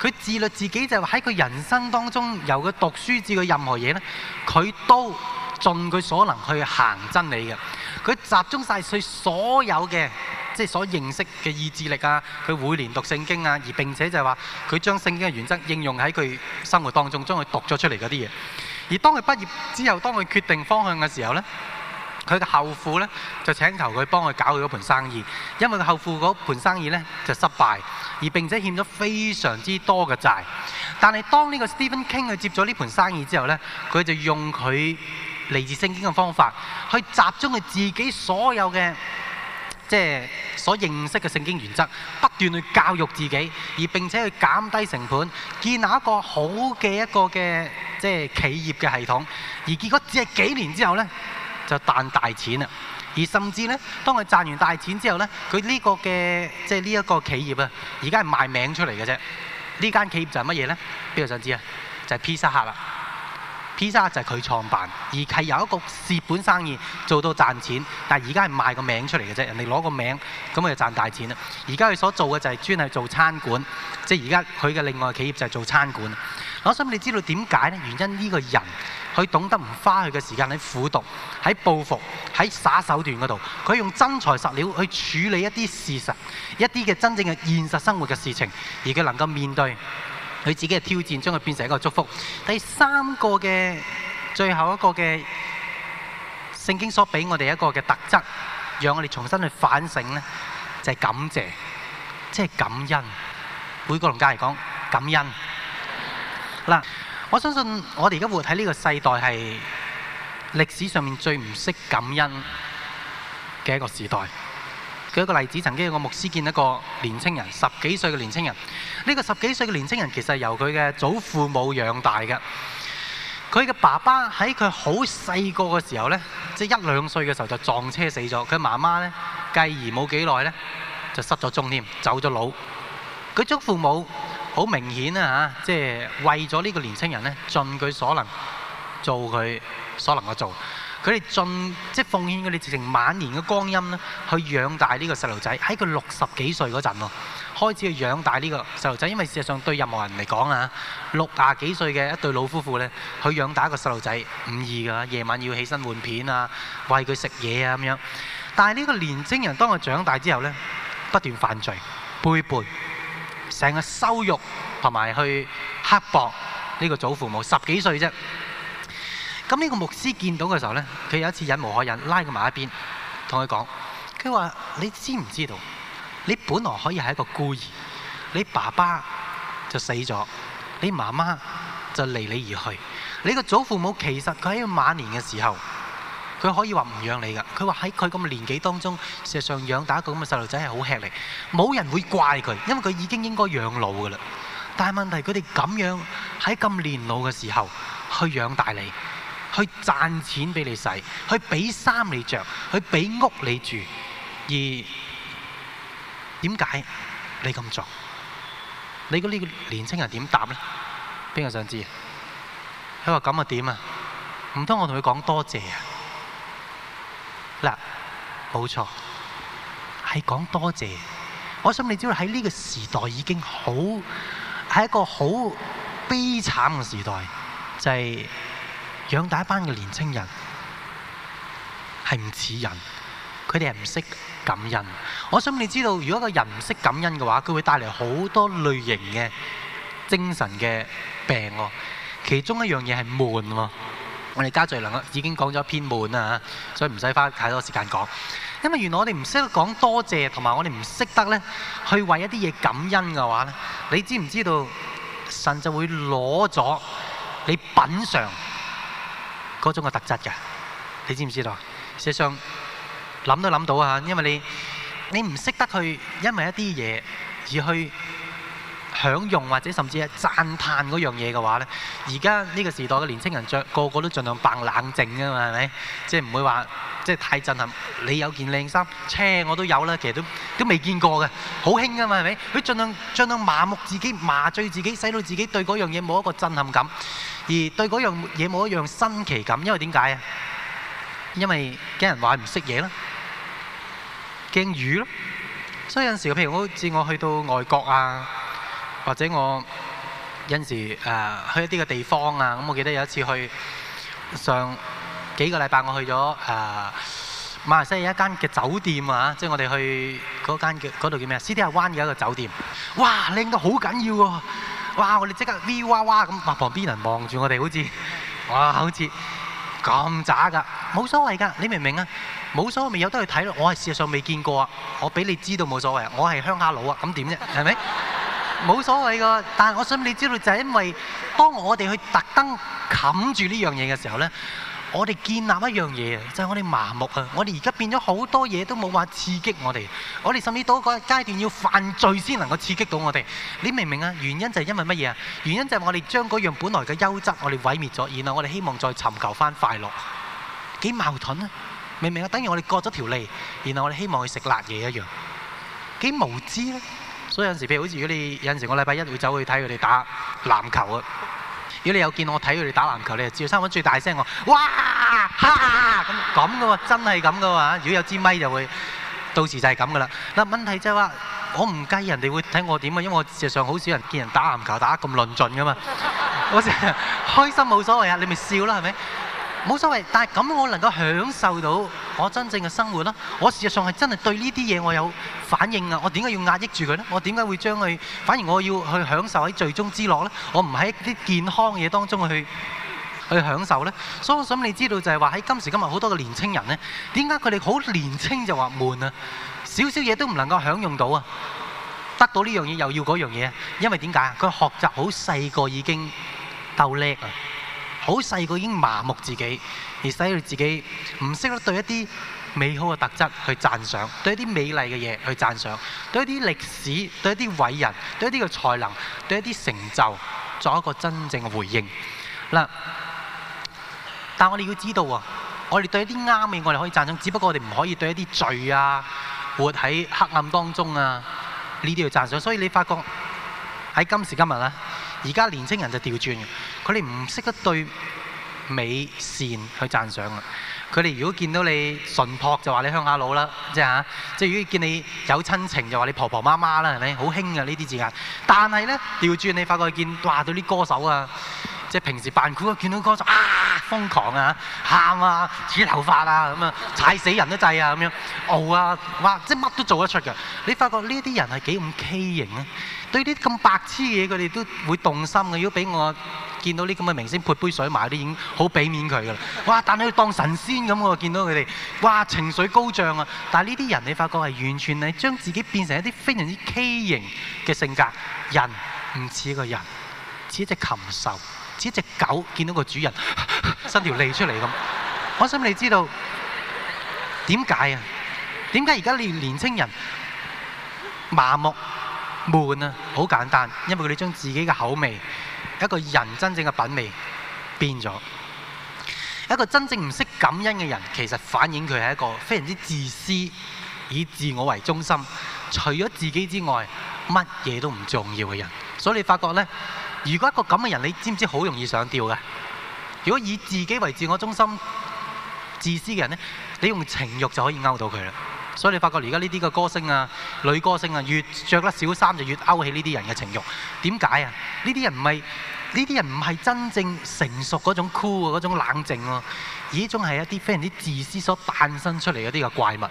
佢自律自己就喺佢人生當中，由佢讀書至佢任何嘢呢，佢都盡佢所能去行真理嘅。佢集中晒佢所有嘅，即係所認識嘅意志力啊，佢每年讀聖經啊，而並且就係話佢將聖經嘅原則應用喺佢生活當中，將佢讀咗出嚟嗰啲嘢。而當佢畢業之後，當佢決定方向嘅時候呢。佢嘅後父呢，就請求佢幫佢搞佢嗰盤生意，因為佢後父嗰盤生意呢，就失敗，而並且欠咗非常之多嘅債。但係當呢個 Stephen King 去接咗呢盤生意之後呢，佢就用佢嚟自聖經嘅方法，去集中佢自己所有嘅即係所認識嘅聖經原則，不斷去教育自己，而並且去減低成本，建立一個好嘅一個嘅即係企業嘅系統。而結果只係幾年之後呢。就賺大錢啦，而甚至呢，當佢賺完大錢之後呢，佢呢個嘅即係呢一個企業啊，而家係賣名出嚟嘅啫。呢間企業就係乜嘢呢？邊個想知啊？就係披薩客啦。披薩客就係佢創辦，而係由一個蝕本生意做到賺錢，但係而家係賣個名出嚟嘅啫。人哋攞個名，咁佢就賺大錢啦。而家佢所做嘅就係專係做餐館，即係而家佢嘅另外企業就係做餐館。我想你知道點解呢？原因呢個人。佢懂得唔花佢嘅時間喺苦讀、喺報復、喺耍手段嗰度，佢用真材實料去處理一啲事實、一啲嘅真正嘅現實生活嘅事情，而佢能夠面對佢自己嘅挑戰，將佢變成一個祝福。第三個嘅最後一個嘅聖經所俾我哋一個嘅特質，讓我哋重新去反省呢，就係感謝，即係感恩。每一個同家嚟講感恩。嗱。我相信我哋而家活喺呢個世代係歷史上面最唔識感恩嘅一個時代。舉一個例子，曾經有一個牧師見一個年青人，十幾歲嘅年青人。呢個十幾歲嘅年青人其實係由佢嘅祖父母養大嘅。佢嘅爸爸喺佢好細個嘅時候呢，即係一兩歲嘅時候就撞車死咗。佢媽媽呢，繼而冇幾耐呢，就失咗蹤添，走咗佬。佢祖父母。好明顯啊！嚇，即係為咗呢個年青人咧，盡佢所能做佢所能嘅做。佢哋盡即係奉獻佢哋成晚年嘅光陰啦，去養大呢個細路仔。喺佢六十幾歲嗰陣喎，開始去養大呢個細路仔。因為事實上對任何人嚟講啊，六廿幾歲嘅一對老夫婦咧，去養大一個細路仔唔易㗎。夜晚要起身換片啊，餵佢食嘢啊咁樣。但係呢個年青人當佢長大之後咧，不斷犯罪、背叛。成日羞辱同埋去刻薄呢個祖父母，十幾歲啫。咁、這、呢個牧師見到嘅時候呢，佢有一次忍無可忍，拉佢埋一邊，同佢講：佢話你知唔知道？你本來可以係一個孤兒，你爸爸就死咗，你媽媽就離你而去。你個祖父母其實佢喺個晚年嘅時候，佢可以話唔養你㗎，佢話喺佢咁嘅年紀當中，事實上養大一個咁嘅細路仔係好吃力，冇人會怪佢，因為佢已經應該養老㗎啦。但係問題佢哋咁樣喺咁年老嘅時候去養大你，去賺錢俾你使，去俾衫你著，去俾屋你住，而點解你咁做？你個呢個年輕人點答呢？邊個想知？佢話咁啊點啊？唔通我同佢講多謝啊？嗱，冇錯，係講多謝。我想你知道喺呢個時代已經好係一個好悲慘嘅時代，就係養大一班嘅年青人係唔似人，佢哋係唔識感恩。我想你知道，如果個人唔識感恩嘅話，佢會帶嚟好多類型嘅精神嘅病喎。其中一樣嘢係悶喎。我哋加聚兩個已經講咗偏滿啦，所以唔使花太多時間講。因為原來我哋唔識得講多謝，同埋我哋唔識得呢去為一啲嘢感恩嘅話呢，你知唔知道神就會攞咗你品嚐嗰種嘅特質嘅？你知唔知道？實際上諗都諗到啊，因為你你唔識得去因為一啲嘢而去。享用或者甚至係讚歎嗰樣嘢嘅話呢，而家呢個時代嘅年青人著個個都盡量扮冷靜啊嘛，係咪？即係唔會話即係太震撼。你有件靚衫，車我都有啦，其實都都未見過嘅，好興啊嘛，係咪？佢盡量盡量麻木自己，麻醉自己，使到自己對嗰樣嘢冇一個震撼感，而對嗰樣嘢冇一樣新奇感，因為點解啊？因為驚人話唔識嘢咯，驚魚咯。所以有陣時，譬如好似我去到外國啊。或者我有陣時誒、呃、去一啲嘅地方啊，咁、嗯、我記得有一次去上幾個禮拜，我去咗誒、呃、馬來西亞一間嘅酒店啊，即係我哋去嗰間度叫咩啊？C D A 灣嘅一個酒店，哇，靚到好緊要喎、啊！哇，我哋即刻 V 哇哇咁，哇，旁邊人望住我哋，好似哇，好似咁渣㗎，冇所謂㗎，你明唔明啊？冇所謂，咪有得去睇咯、啊，我係事實上未見過啊，我俾你知道冇所謂啊，我係鄉下佬啊，咁點啫，係咪？ 冇所謂㗎，但係我想你知道就係因為當我哋去特登冚住呢樣嘢嘅時候呢，我哋建立一樣嘢，就係、係、我哋麻木啊！我哋而家變咗好多嘢都冇話刺激我哋，我哋甚至到嗰個階段要犯罪先能夠刺激到我哋。你明唔明啊？原因就係因為乜嘢啊？原因就係我哋將嗰樣本來嘅優質我哋毀滅咗，然後我哋希望再尋求翻快樂，幾矛盾啊！明唔明啊？等於我哋割咗條脷，然後我哋希望去食辣嘢一樣，幾無知呢、啊。所以有陣時，譬如好似如果你有陣時，我禮拜一會走去睇佢哋打籃球啊。如果你有見我睇佢哋打籃球，你就照三番最大聲我，哇哈咁咁嘅喎，真係咁嘅喎。如果有支咪就會到時就係咁嘅啦。嗱，問題就係話，我唔介意人哋會睇我點啊，因為我事實上好少人見人打籃球打得咁論盡嘅嘛我。我成日開心冇所謂啊，你咪笑啦，係咪？冇所謂，但係咁我能夠享受到我真正嘅生活咯。我事實上係真係對呢啲嘢我有反應啊。我點解要壓抑住佢呢？我點解會將佢反而我要去享受喺罪中之樂呢？我唔喺啲健康嘅嘢當中去去享受呢。所以我想你知道就係話喺今時今日好多嘅年青人呢，點解佢哋好年青就話悶啊？少少嘢都唔能夠享用到啊！得到呢樣嘢又要嗰樣嘢，因為點解啊？佢學習好細個已經鬥叻啊！好細個已經麻木自己，而使到自己唔識得對一啲美好嘅特質去讚賞，對一啲美麗嘅嘢去讚賞，對一啲歷史，對一啲偉人，對一啲嘅才能，對一啲成就作一個真正嘅回應。嗱，但我哋要知道啊，我哋對一啲啱嘅我哋可以讚賞，只不過我哋唔可以對一啲罪啊，活喺黑暗當中啊呢啲要讚賞。所以你發覺喺今時今日咧。而家年青人就調轉，佢哋唔識得對美善去讚賞啦。佢哋如果見到你純朴，就話你鄉下佬啦，即係嚇。即係如果見你有親情，就話你婆婆媽媽啦，係咪？好興啊呢啲字眼。但係呢，調轉你發覺他見哇，對啲歌手啊～即係平時扮酷啊，見到歌手啊瘋狂啊，喊啊，剪頭髮啊，咁啊踩死人都制啊，咁樣傲啊，哇！即係乜都做得出嘅。你發覺呢啲人係幾咁畸形啊？對啲咁白痴嘢，佢哋都會動心嘅。如果俾我見到啲咁嘅明星潑杯水埋啲已經，好俾面佢噶啦。哇！但係當神仙咁我見到佢哋哇情緒高漲啊。但係呢啲人你發覺係完全係將自己變成一啲非常之畸形嘅性格，人唔似一個人，似一隻禽獸。似一隻狗見到個主人呵呵，伸條脷出嚟咁，我想你知道點解啊？點解而家年年青人麻木悶啊？好簡單，因為佢哋將自己嘅口味，一個人真正嘅品味變咗。一個真正唔識感恩嘅人，其實反映佢係一個非常之自私、以自我為中心，除咗自己之外，乜嘢都唔重要嘅人。所以你發覺呢。如果一個咁嘅人，你知唔知好容易上吊嘅？如果以自己為自我中心、自私嘅人呢，你用情欲就可以勾到佢啦。所以你發覺而家呢啲嘅歌星啊、女歌星啊，越着得少衫就越勾起呢啲人嘅情欲。點解啊？呢啲人唔係，呢啲人唔係真正成熟嗰種 cool，嗰種冷靜喎，而呢種係一啲非常之自私所誕生出嚟嗰啲嘅怪物。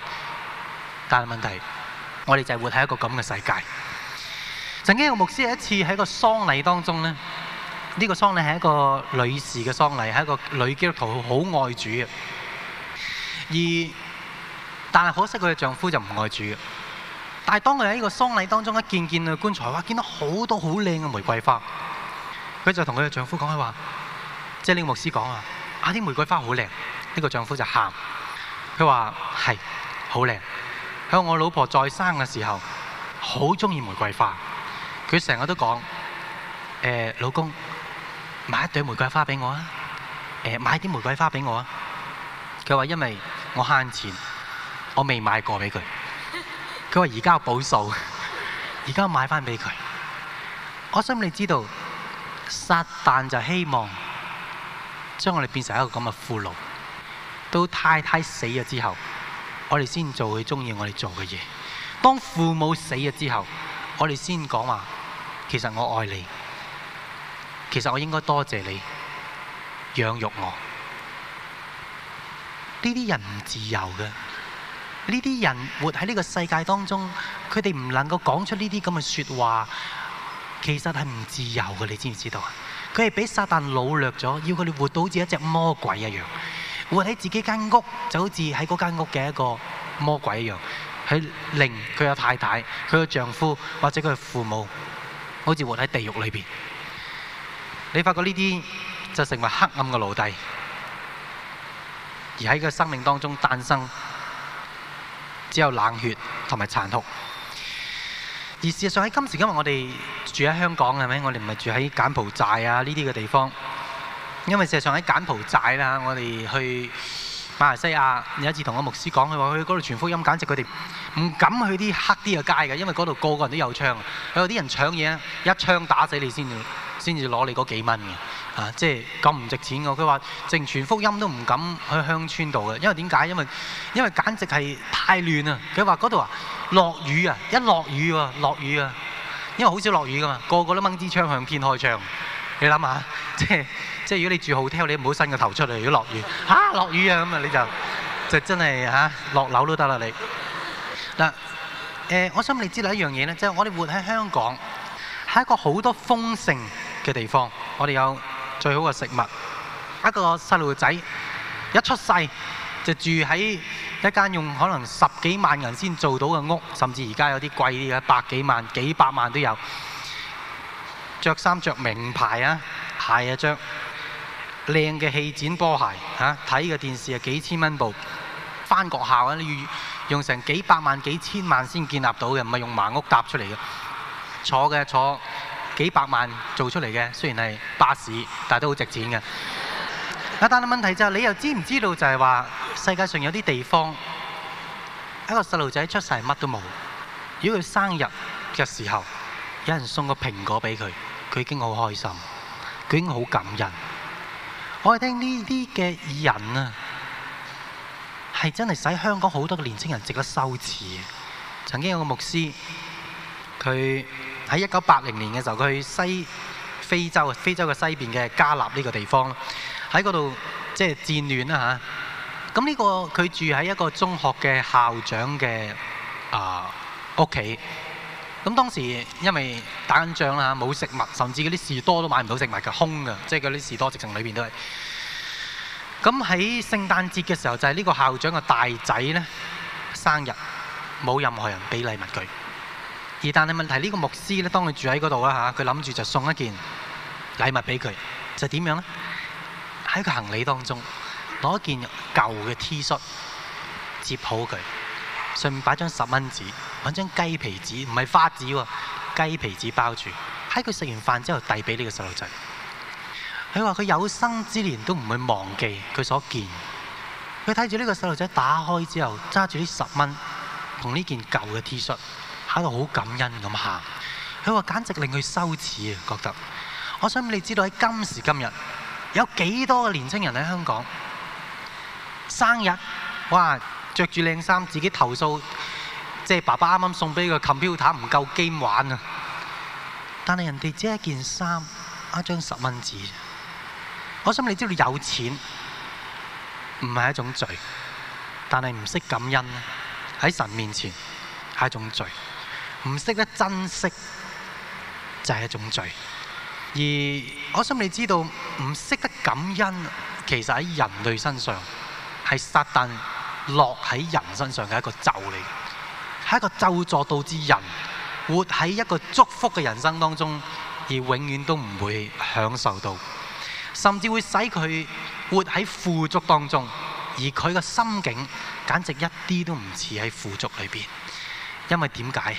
但係問題，我哋就係活喺一個咁嘅世界。曾經有個牧師一次喺個喪禮當中咧，呢個喪禮係一個女士嘅喪禮，係一個女基督徒好愛主嘅。而但係可惜佢嘅丈夫就唔愛主嘅。但係當佢喺呢個喪禮當中一見見個棺材，哇！見到好多好靚嘅玫瑰花，佢就同佢嘅丈夫講：佢話，即係呢個牧師講啊，啊啲玫瑰花好靚。呢個丈夫就喊，佢話係好靚。響我老婆在生嘅時候，好中意玫瑰花。佢成日我都講，誒老公買一朵玫瑰花俾我啊，誒買啲玫瑰花俾我啊。佢話因為我慳錢，我未買過俾佢。佢話而家有補數，而家買翻俾佢。我心裡知道，撒旦就希望將我哋變成一個咁嘅俘虜。到太太死咗之後，我哋先做佢中意我哋做嘅嘢。當父母死咗之後，我哋先講話。其實我愛你，其實我應該多謝你養育我。呢啲人唔自由嘅，呢啲人活喺呢個世界當中，佢哋唔能夠講出呢啲咁嘅説話，其實係唔自由嘅。你知唔知道啊？佢係俾撒旦擄掠咗，要佢哋活到好似一隻魔鬼一樣，活喺自己間屋就好似喺嗰間屋嘅一個魔鬼一樣，佢令佢嘅太太、佢嘅丈夫或者佢父母。好似活喺地獄裏邊，你發覺呢啲就成為黑暗嘅奴隸，而喺佢生命當中誕生只有冷血同埋殘酷，而事實上喺今時今日我哋住喺香港係咪？我哋唔係住喺柬埔寨啊呢啲嘅地方，因為事實上喺柬埔寨啦，我哋去。馬來西亞有一次同阿牧師講，佢話去嗰度傳福音，簡直佢哋唔敢去啲黑啲嘅街嘅，因為嗰度個個人都有槍。佢話啲人搶嘢，一槍打死你先至，先至攞你嗰幾蚊嘅，啊，即係咁唔值錢嘅。佢話，淨傳福音都唔敢去鄉村度嘅，因為點解？因為因為簡直係太亂，他說那裡啊！佢話嗰度啊落雨啊，一落雨喎、啊，落雨啊，因為好少落雨嘅嘛，個個都掹支槍向天開槍。你諗下，即係。即係如果你住好 hotel 你唔好伸個頭出嚟。如果落雨，嚇、啊、落雨啊咁啊，你就就真係嚇落樓都得啦你嗱。誒、呃，我想你知道一樣嘢咧，即、就、係、是、我哋活喺香港係一個好多豐盛嘅地方。我哋有最好嘅食物。一個細路仔一出世就住喺一間用可能十幾萬人先做到嘅屋，甚至而家有啲貴啲嘅百幾萬、幾百萬都有。着衫着名牌啊，鞋啊著。張靚嘅氣展波鞋嚇，睇個電視啊幾千蚊部，翻學校啊，你要用成幾百萬幾千萬先建立到嘅，唔係用盲屋搭出嚟嘅。坐嘅坐幾百萬做出嚟嘅，雖然係巴士，但係都好值錢嘅。但係問題就係你又知唔知道就係話世界上有啲地方一個細路仔出世乜都冇，如果佢生日嘅時候有人送個蘋果俾佢，佢已經好開心，佢已經好感人。我聽呢啲嘅人啊，係真係使香港好多嘅年青人值得羞恥嘅。曾經有個牧師，佢喺一九八零年嘅時候，佢去西非洲嘅非洲嘅西邊嘅加納呢個地方，喺嗰度即係戰亂啦嚇。咁呢個佢住喺一個中學嘅校長嘅啊屋企。呃咁當時因為打緊仗啦，冇食物，甚至嗰啲士多都買唔到食物嘅，空嘅，即係嗰啲士多直情裏面都係。咁喺聖誕節嘅時候，就係呢個校長嘅大仔呢，生日，冇任何人俾禮物佢。而但係問題呢個牧師呢，當佢住喺嗰度啦，佢諗住就送一件禮物俾佢，就點樣呢？喺佢行李當中攞一件舊嘅 T 恤，摺好佢。上面擺張十蚊紙，揾張雞皮紙，唔係花紙喎，雞皮紙包住。喺佢食完飯之後，遞俾呢個細路仔。佢話佢有生之年都唔會忘記佢所見。佢睇住呢個細路仔打開之後，揸住呢十蚊同呢件舊嘅 T 恤，喺度好感恩咁喊。佢話簡直令佢羞恥啊，覺得。我想你知道喺今時今日，有幾多個年青人喺香港生日，哇！着住靚衫，自己投訴，即係爸爸啱啱送俾個 computer 唔夠機玩啊！但係人哋只係一件衫，一張十蚊紙。我想你知道你有錢唔係一種罪，但係唔識感恩喺神面前係一種罪，唔識得珍惜就係一種罪。而我想你知道唔識得感恩，其實喺人類身上係撒旦。落喺人身上嘅一個咒嚟，係一個咒詛導致人活喺一個祝福嘅人生當中，而永遠都唔會享受到，甚至會使佢活喺富足當中，而佢嘅心境簡直一啲都唔似喺富足裏邊。因為點解？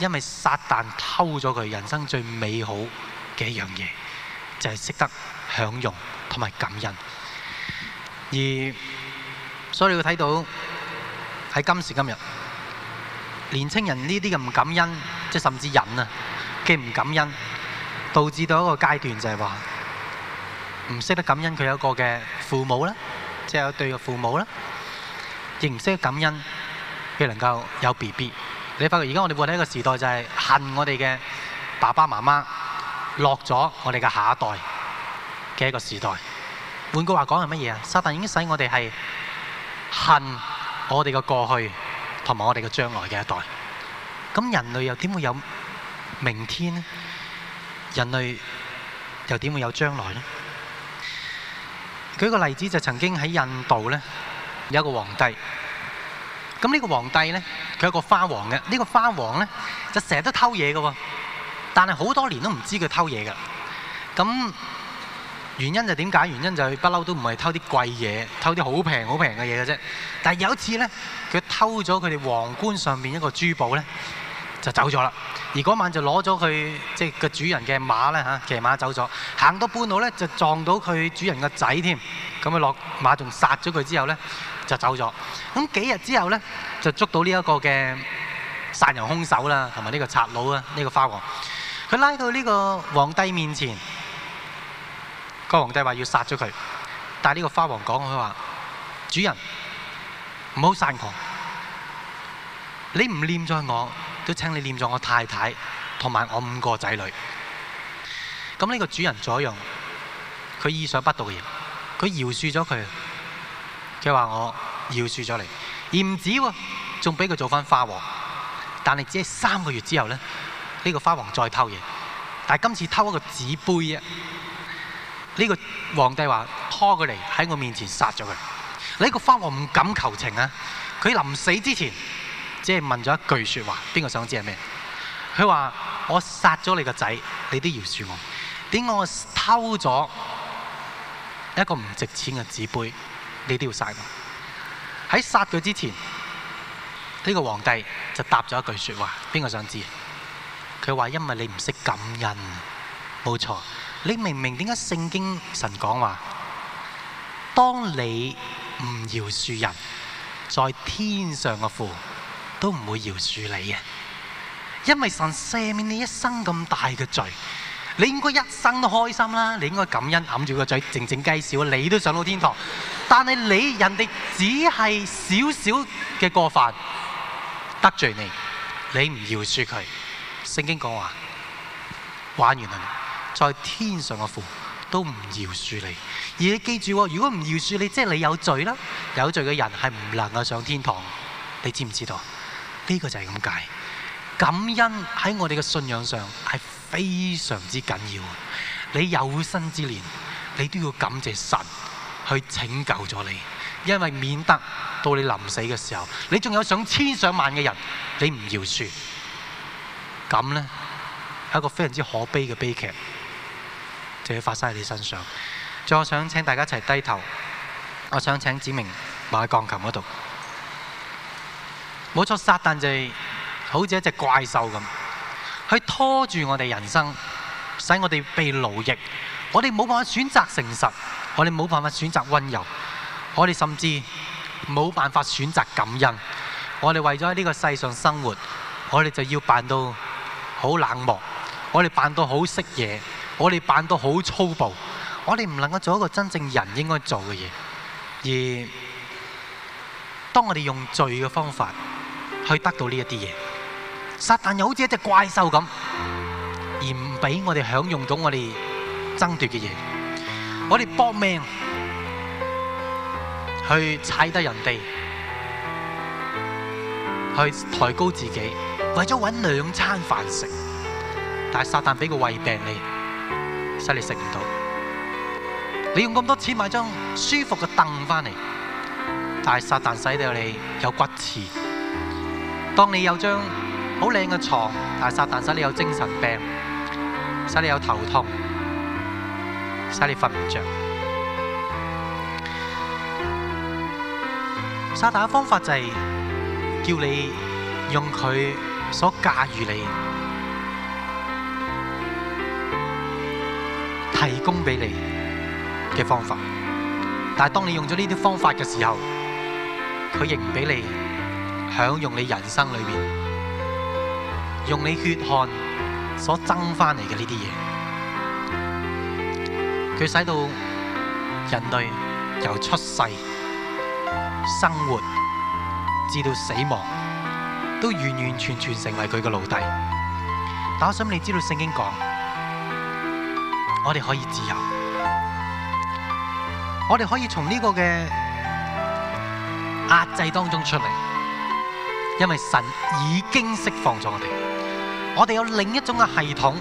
因為撒旦偷咗佢人生最美好嘅一樣嘢，就係識得享用同埋感恩。而所以你要睇到喺今時今日，年青人呢啲嘅唔感恩，即係甚至忍啊嘅唔感恩，導致到一個階段就係話唔識得感恩佢有一個嘅父母啦，即係有對個父母啦，亦唔識得感恩佢能夠有 B B。你發覺而家我哋活喺一個時代，就係恨我哋嘅爸爸媽媽，落咗我哋嘅下一代嘅一個時代。換句話講係乜嘢啊？撒旦已經使我哋係～恨我哋嘅過去同埋我哋嘅將來嘅一代，咁人類又點會有明天呢？人類又點會有將來呢？舉個例子，就曾經喺印度呢，有一個皇帝，咁呢個皇帝呢，佢有個花王嘅，呢個花王呢，就成日都偷嘢嘅，但係好多年都唔知佢偷嘢㗎，咁。原因就點解？原因就係不嬲都唔係偷啲貴嘢，偷啲好平好平嘅嘢嘅啫。但係有一次呢，佢偷咗佢哋皇冠上面一個珠寶呢，就走咗啦。而嗰晚就攞咗佢即係個主人嘅馬咧吓，騎馬走咗。行到半路呢，就撞到佢主人嘅仔添。咁佢落馬仲殺咗佢之後呢，就走咗。咁幾日之後呢，就捉到呢一個嘅殺人兇手啦，同埋呢個賊佬啊，呢、呢個花王，佢拉到呢個皇帝面前。個皇帝話要殺咗佢，但係呢個花王講佢話：主人唔好殺我，你唔念在我，都請你念在我太太同埋我五個仔女。咁呢個主人左用，佢意想不到嘅嘢，佢饒恕咗佢，佢係話我饒恕咗你，而唔止喎，仲俾佢做翻花王。但係只係三個月之後呢，呢、這個花王再偷嘢，但係今次偷一個紙杯啫。呢、這個皇帝話拖佢嚟喺我面前殺咗佢。呢個花王唔敢求情啊！佢臨死之前即係問咗一句説話，邊個想知係咩？佢話：我殺咗你個仔，你都要恕我；點我偷咗一個唔值錢嘅紙杯，你都要殺我。喺殺佢之前，呢個皇帝就答咗一句説話，邊個想知？佢話：因為你唔識感恩，冇錯。你明唔明點解聖經神講話？當你唔饒恕人，在天上嘅父都唔會饒恕你嘅，因為神赦免你一生咁大嘅罪，你應該一生都開心啦！你應該感恩，揞住個嘴靜靜雞笑，你都上到天堂。但係你人哋只係少少嘅過犯得罪你，你唔饒恕佢。聖經講話。玩完啦。在天上嘅父都唔饒恕你，而你記住，如果唔饒恕你，即係你有罪啦。有罪嘅人係唔能夠上天堂，你知唔知道？呢個就係咁解。感恩喺我哋嘅信仰上係非常之緊要的。你有生之年，你都要感謝神去拯救咗你，因為免得到你臨死嘅時候，你仲有上千上萬嘅人你唔饒恕，咁咧係一個非常之可悲嘅悲劇就發生喺你身上。仲想請大家一齊低頭，我想請子明埋喺鋼琴嗰度，冇錯，撒旦就好似一隻怪獸咁，佢拖住我哋人生，使我哋被奴役。我哋冇辦法選擇誠實，我哋冇辦法選擇温柔，我哋甚至冇辦法選擇感恩。我哋為咗喺呢個世上生活，我哋就要扮到好冷漠，我哋扮到好識嘢。我哋扮到好粗暴，我哋唔能夠做一個真正人應該做嘅嘢。而當我哋用罪嘅方法去得到呢一啲嘢，撒旦又好似一隻怪獸咁，而唔俾我哋享用到我哋爭奪嘅嘢。我哋搏命去踩低人哋，去抬高自己，為咗揾兩餐飯食。但係撒旦俾個胃病你。使你食唔到，你用咁多錢買張舒服嘅凳翻嚟，但係撒旦使到你有骨刺；當你有張好靚嘅床，但係撒旦使你有精神病，使你有頭痛，使你瞓唔着。撒旦嘅方法就係叫你用佢所駕馭你。提供俾你嘅方法，但係當你用咗呢啲方法嘅時候，佢亦唔俾你享用你人生裏面用你血汗所爭翻嚟嘅呢啲嘢，佢使到人類由出世、生活至到死亡，都完完全全成為佢嘅奴隸。但我想你知道聖經講。我哋可以自由，我哋可以從呢個嘅壓制當中出嚟，因為神已經釋放咗我哋，我哋有另一種嘅系統，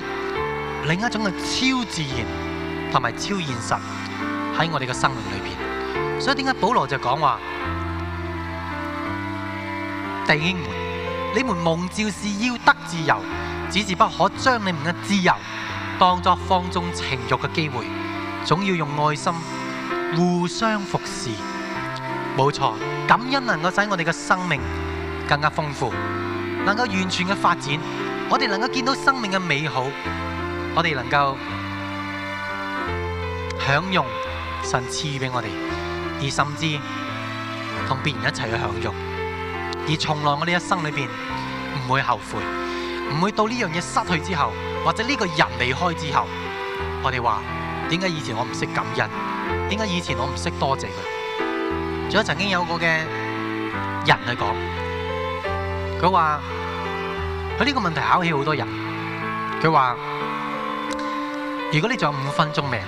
另一種嘅超自然同埋超現實喺我哋嘅生命裏邊。所以點解保羅就講話弟兄們，你們蒙召是要得自由，只是不可將你們嘅自由，當作放縱情欲嘅機會，總要用愛心互相服侍。冇錯，感恩能夠使我哋嘅生命更加豐富，能夠完全嘅發展。我哋能夠見到生命嘅美好，我哋能夠享用神賜予俾我哋，而甚至同別人一齊去享用。而從來我哋一生裏邊唔會後悔，唔會到呢樣嘢失去之後。或者呢個人離開之後，我哋話：點解以前我唔識感恩？點解以前我唔識多謝佢？仲有曾經有過嘅人去講，佢話：佢呢個問題考起好多人。佢話：如果你仲有五分鐘命，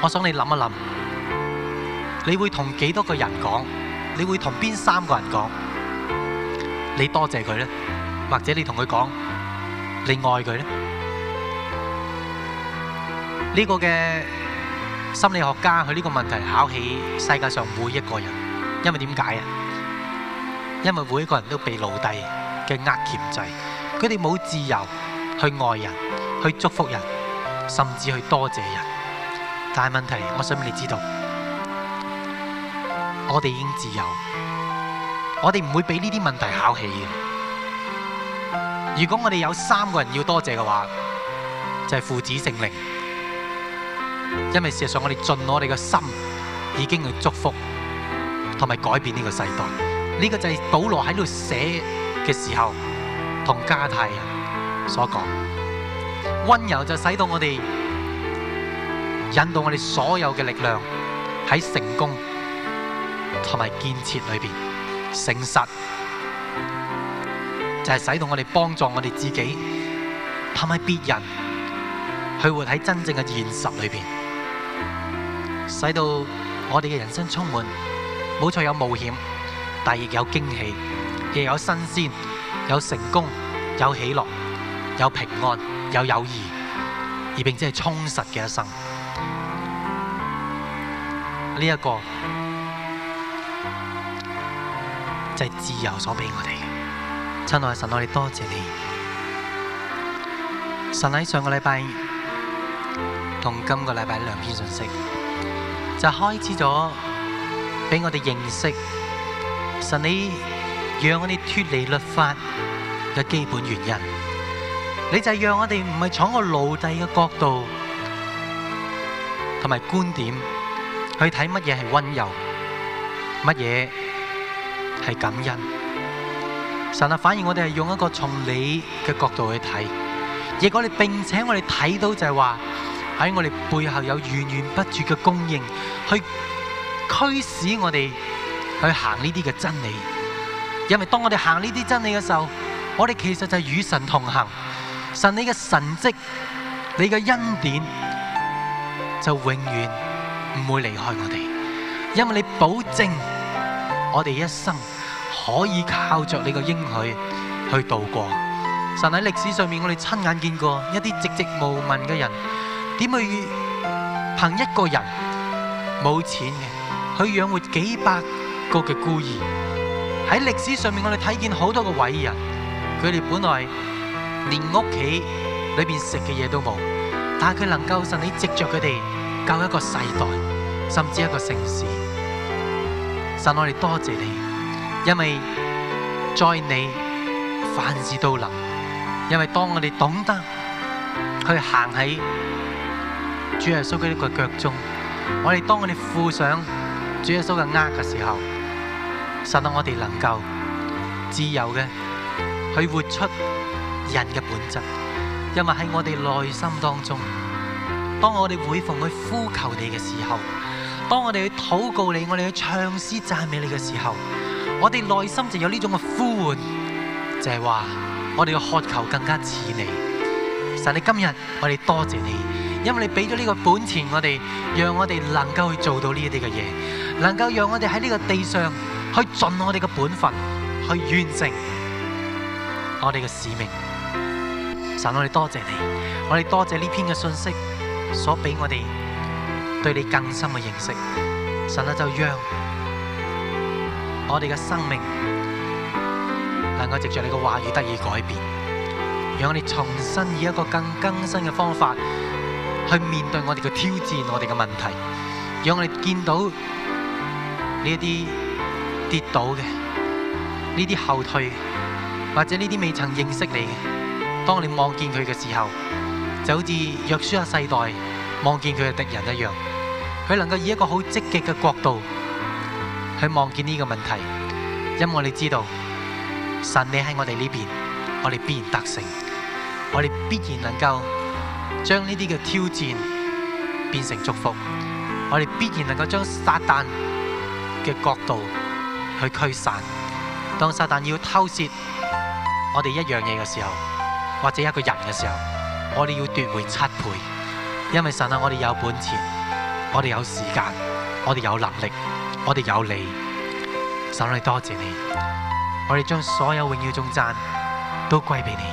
我想你諗一諗，你會同幾多個人講？你會同邊三個人講？你多謝佢咧，或者你同佢講？你愛佢咧？呢個嘅心理學家，佢呢個問題考起世界上每一個人，因為點解啊？因為每一個人都被奴隸嘅壓鉗制，佢哋冇自由去愛人，去祝福人，甚至去多謝人。但係問題，我想俾你知道，我哋已經自由，我哋唔會俾呢啲問題考起嘅。如果我哋有三個人要多謝嘅話，就係父子聖靈，因為事實上我哋盡我哋嘅心，已經去祝福同埋改變呢個世代。呢、這個就係保羅喺度寫嘅時候同加太所講，溫柔就使到我哋引導我哋所有嘅力量喺成功同埋建設裏面，誠實。就係、是、使到我哋幫助我哋自己，同埋別人，去活喺真正嘅現實裏邊，使到我哋嘅人生充滿，冇錯有冒險，但亦有驚喜，亦有新鮮，有成功，有喜樂，有平安，有友誼，而並且係充實嘅一生。呢一個就係自由所俾我哋嘅。親愛的神，我哋多謝你。神喺上個禮拜同今個禮拜兩篇信息，就開始咗俾我哋認識神，你讓我哋脱離律法嘅基本原因。你就係讓我哋唔係從個奴隸嘅角度同埋觀點去睇乜嘢係溫柔，乜嘢係感恩。神啊，反而我哋係用一個從你嘅角度去睇，如果你並且我哋睇到就係話喺我哋背後有源源不絕嘅供應，去驅使我哋去行呢啲嘅真理。因為當我哋行呢啲真理嘅時候，我哋其實就係與神同行。神，你嘅神蹟，你嘅恩典就永遠唔會離開我哋，因為你保證我哋一生。可以靠着你個應許去度過。神喺歷史上面，我哋親眼見過一啲寂寂無聞嘅人，點去憑一個人冇錢嘅去養活幾百個嘅孤兒。喺歷史上面，我哋睇見好多嘅偉人，佢哋本來連屋企裏邊食嘅嘢都冇，但係佢能夠神你藉着佢哋救一個世代，甚至一個城市。神，我哋多謝你。因為在你凡事都能，因為當我哋懂得去行喺主耶穌呢個嘅腳中，我哋當我哋負上主耶穌嘅軛嘅時候，使到我哋能夠自由嘅去活出人嘅本質。因為喺我哋內心當中，當我哋每逢去呼求你嘅時候，當我哋去禱告你，我哋去唱詩讚美你嘅時候。我哋內心就有呢種嘅呼喚，就係話我哋嘅渴求更加似你。神，你今日我哋多謝你，因為你俾咗呢個本錢，我哋讓我哋能夠去做到呢一啲嘅嘢，能夠讓我哋喺呢個地上去盡我哋嘅本分，去完成我哋嘅使命。神，我哋多謝你，我哋多謝呢篇嘅信息所俾我哋對你更深嘅認識。神啊，就讓。我哋嘅生命能夠藉著你嘅話語得以改變，讓我哋重新以一個更更新嘅方法去面對我哋嘅挑戰、我哋嘅問題，讓我哋見到呢啲跌倒嘅、呢啲後退嘅或者呢啲未曾認識你嘅，當你望見佢嘅時候，就好似約書亞世代望見佢嘅敵人一樣，佢能夠以一個好積極嘅角度。去望見呢個問題，因為我哋知道神你喺我哋呢邊，我哋必然得勝，我哋必然能夠將呢啲嘅挑戰變成祝福，我哋必然能夠將撒旦嘅角度去驅散。當撒旦要偷竊我哋一樣嘢嘅時候，或者一個人嘅時候，我哋要奪回七倍，因為神啊，我哋有本錢，我哋有時間，我哋有能力。我哋有你，神啊，多謝你！我哋將所有榮耀頌讚都歸俾你。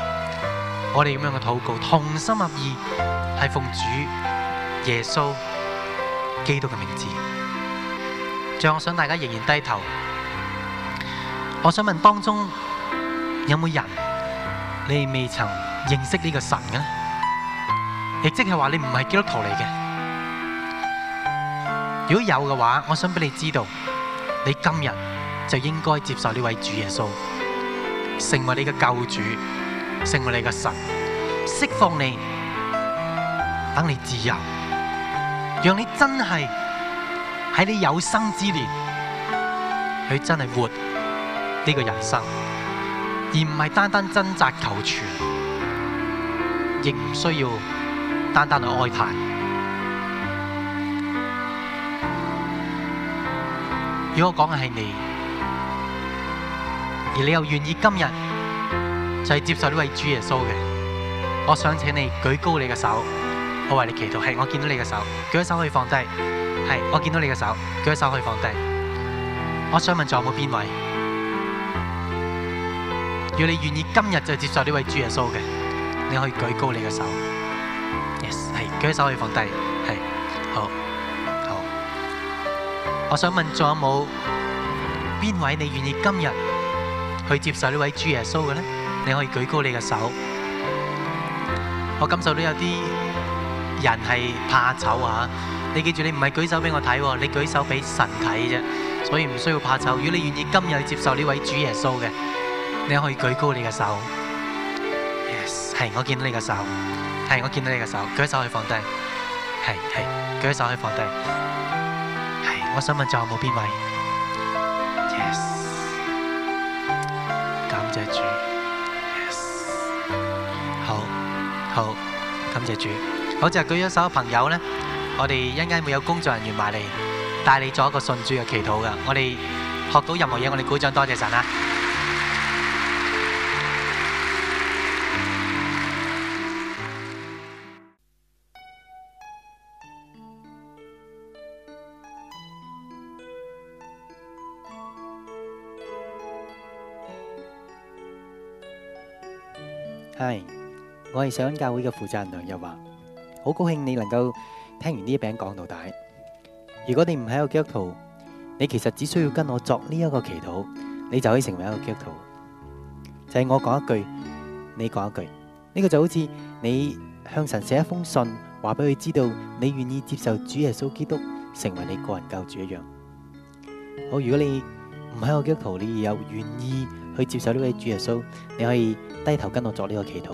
我哋咁樣嘅禱告，同心合意，係奉主耶穌基督嘅名字。仲有我想大家仍然低頭，我想問當中有冇人你未曾認識呢個神嘅？亦即係話你唔係基督徒嚟嘅。如果有嘅話，我想俾你知道，你今日就應該接受呢位主耶穌，成為你嘅救主，成為你嘅神，釋放你，等你自由，讓你真係喺你有生之年，去真係活呢個人生，而唔係單單掙扎求全，亦唔需要單單去哀嘆。如果我講嘅係你，而你又願意今日就係接受呢位主耶穌嘅，我想請你舉高你嘅手。我為你祈禱，係我見到你嘅手，舉起手可以放低。係我見到你嘅手，舉起手可以放低。我想問仲有冇邊位，如果你願意今日就接受呢位主耶穌嘅，你可以舉高你嘅手。Yes，係舉起手可以放低。我想問仲有冇邊位你願意今日去接受呢位主耶穌嘅呢？你可以舉高你嘅手。我感受到有啲人係怕醜啊！你記住，你唔係舉手俾我睇，你舉手俾神睇啫。所以唔需要怕醜。如果你願意今日去接受呢位主耶穌嘅，你可以舉高你嘅手。係、yes，我見到你嘅手。係，我見到你嘅手。舉手去放低。係係，舉手去放低。我想問仲有冇邊位？Yes，感謝主。Yes，好，好，感謝主。好，就舉咗手嘅朋友咧，我哋一陣間會有工作人員埋嚟帶你做一個信主嘅祈禱㗎。我哋學到任何嘢，我哋鼓掌，多謝神啊！我係上教會嘅負責人梁日華，好高興你能夠聽完呢一餅講道帶。如果你唔喺個基督徒，你其實只需要跟我作呢一個祈禱，你就可以成為一個基督徒。就係、是、我講一句，你講一句，呢、這個就好似你向神寫一封信，話俾佢知道你願意接受主耶穌基督成為你個人救主一樣。好，如果你唔喺個基督徒，你又願意去接受呢位主耶穌，你可以低頭跟我作呢個祈禱。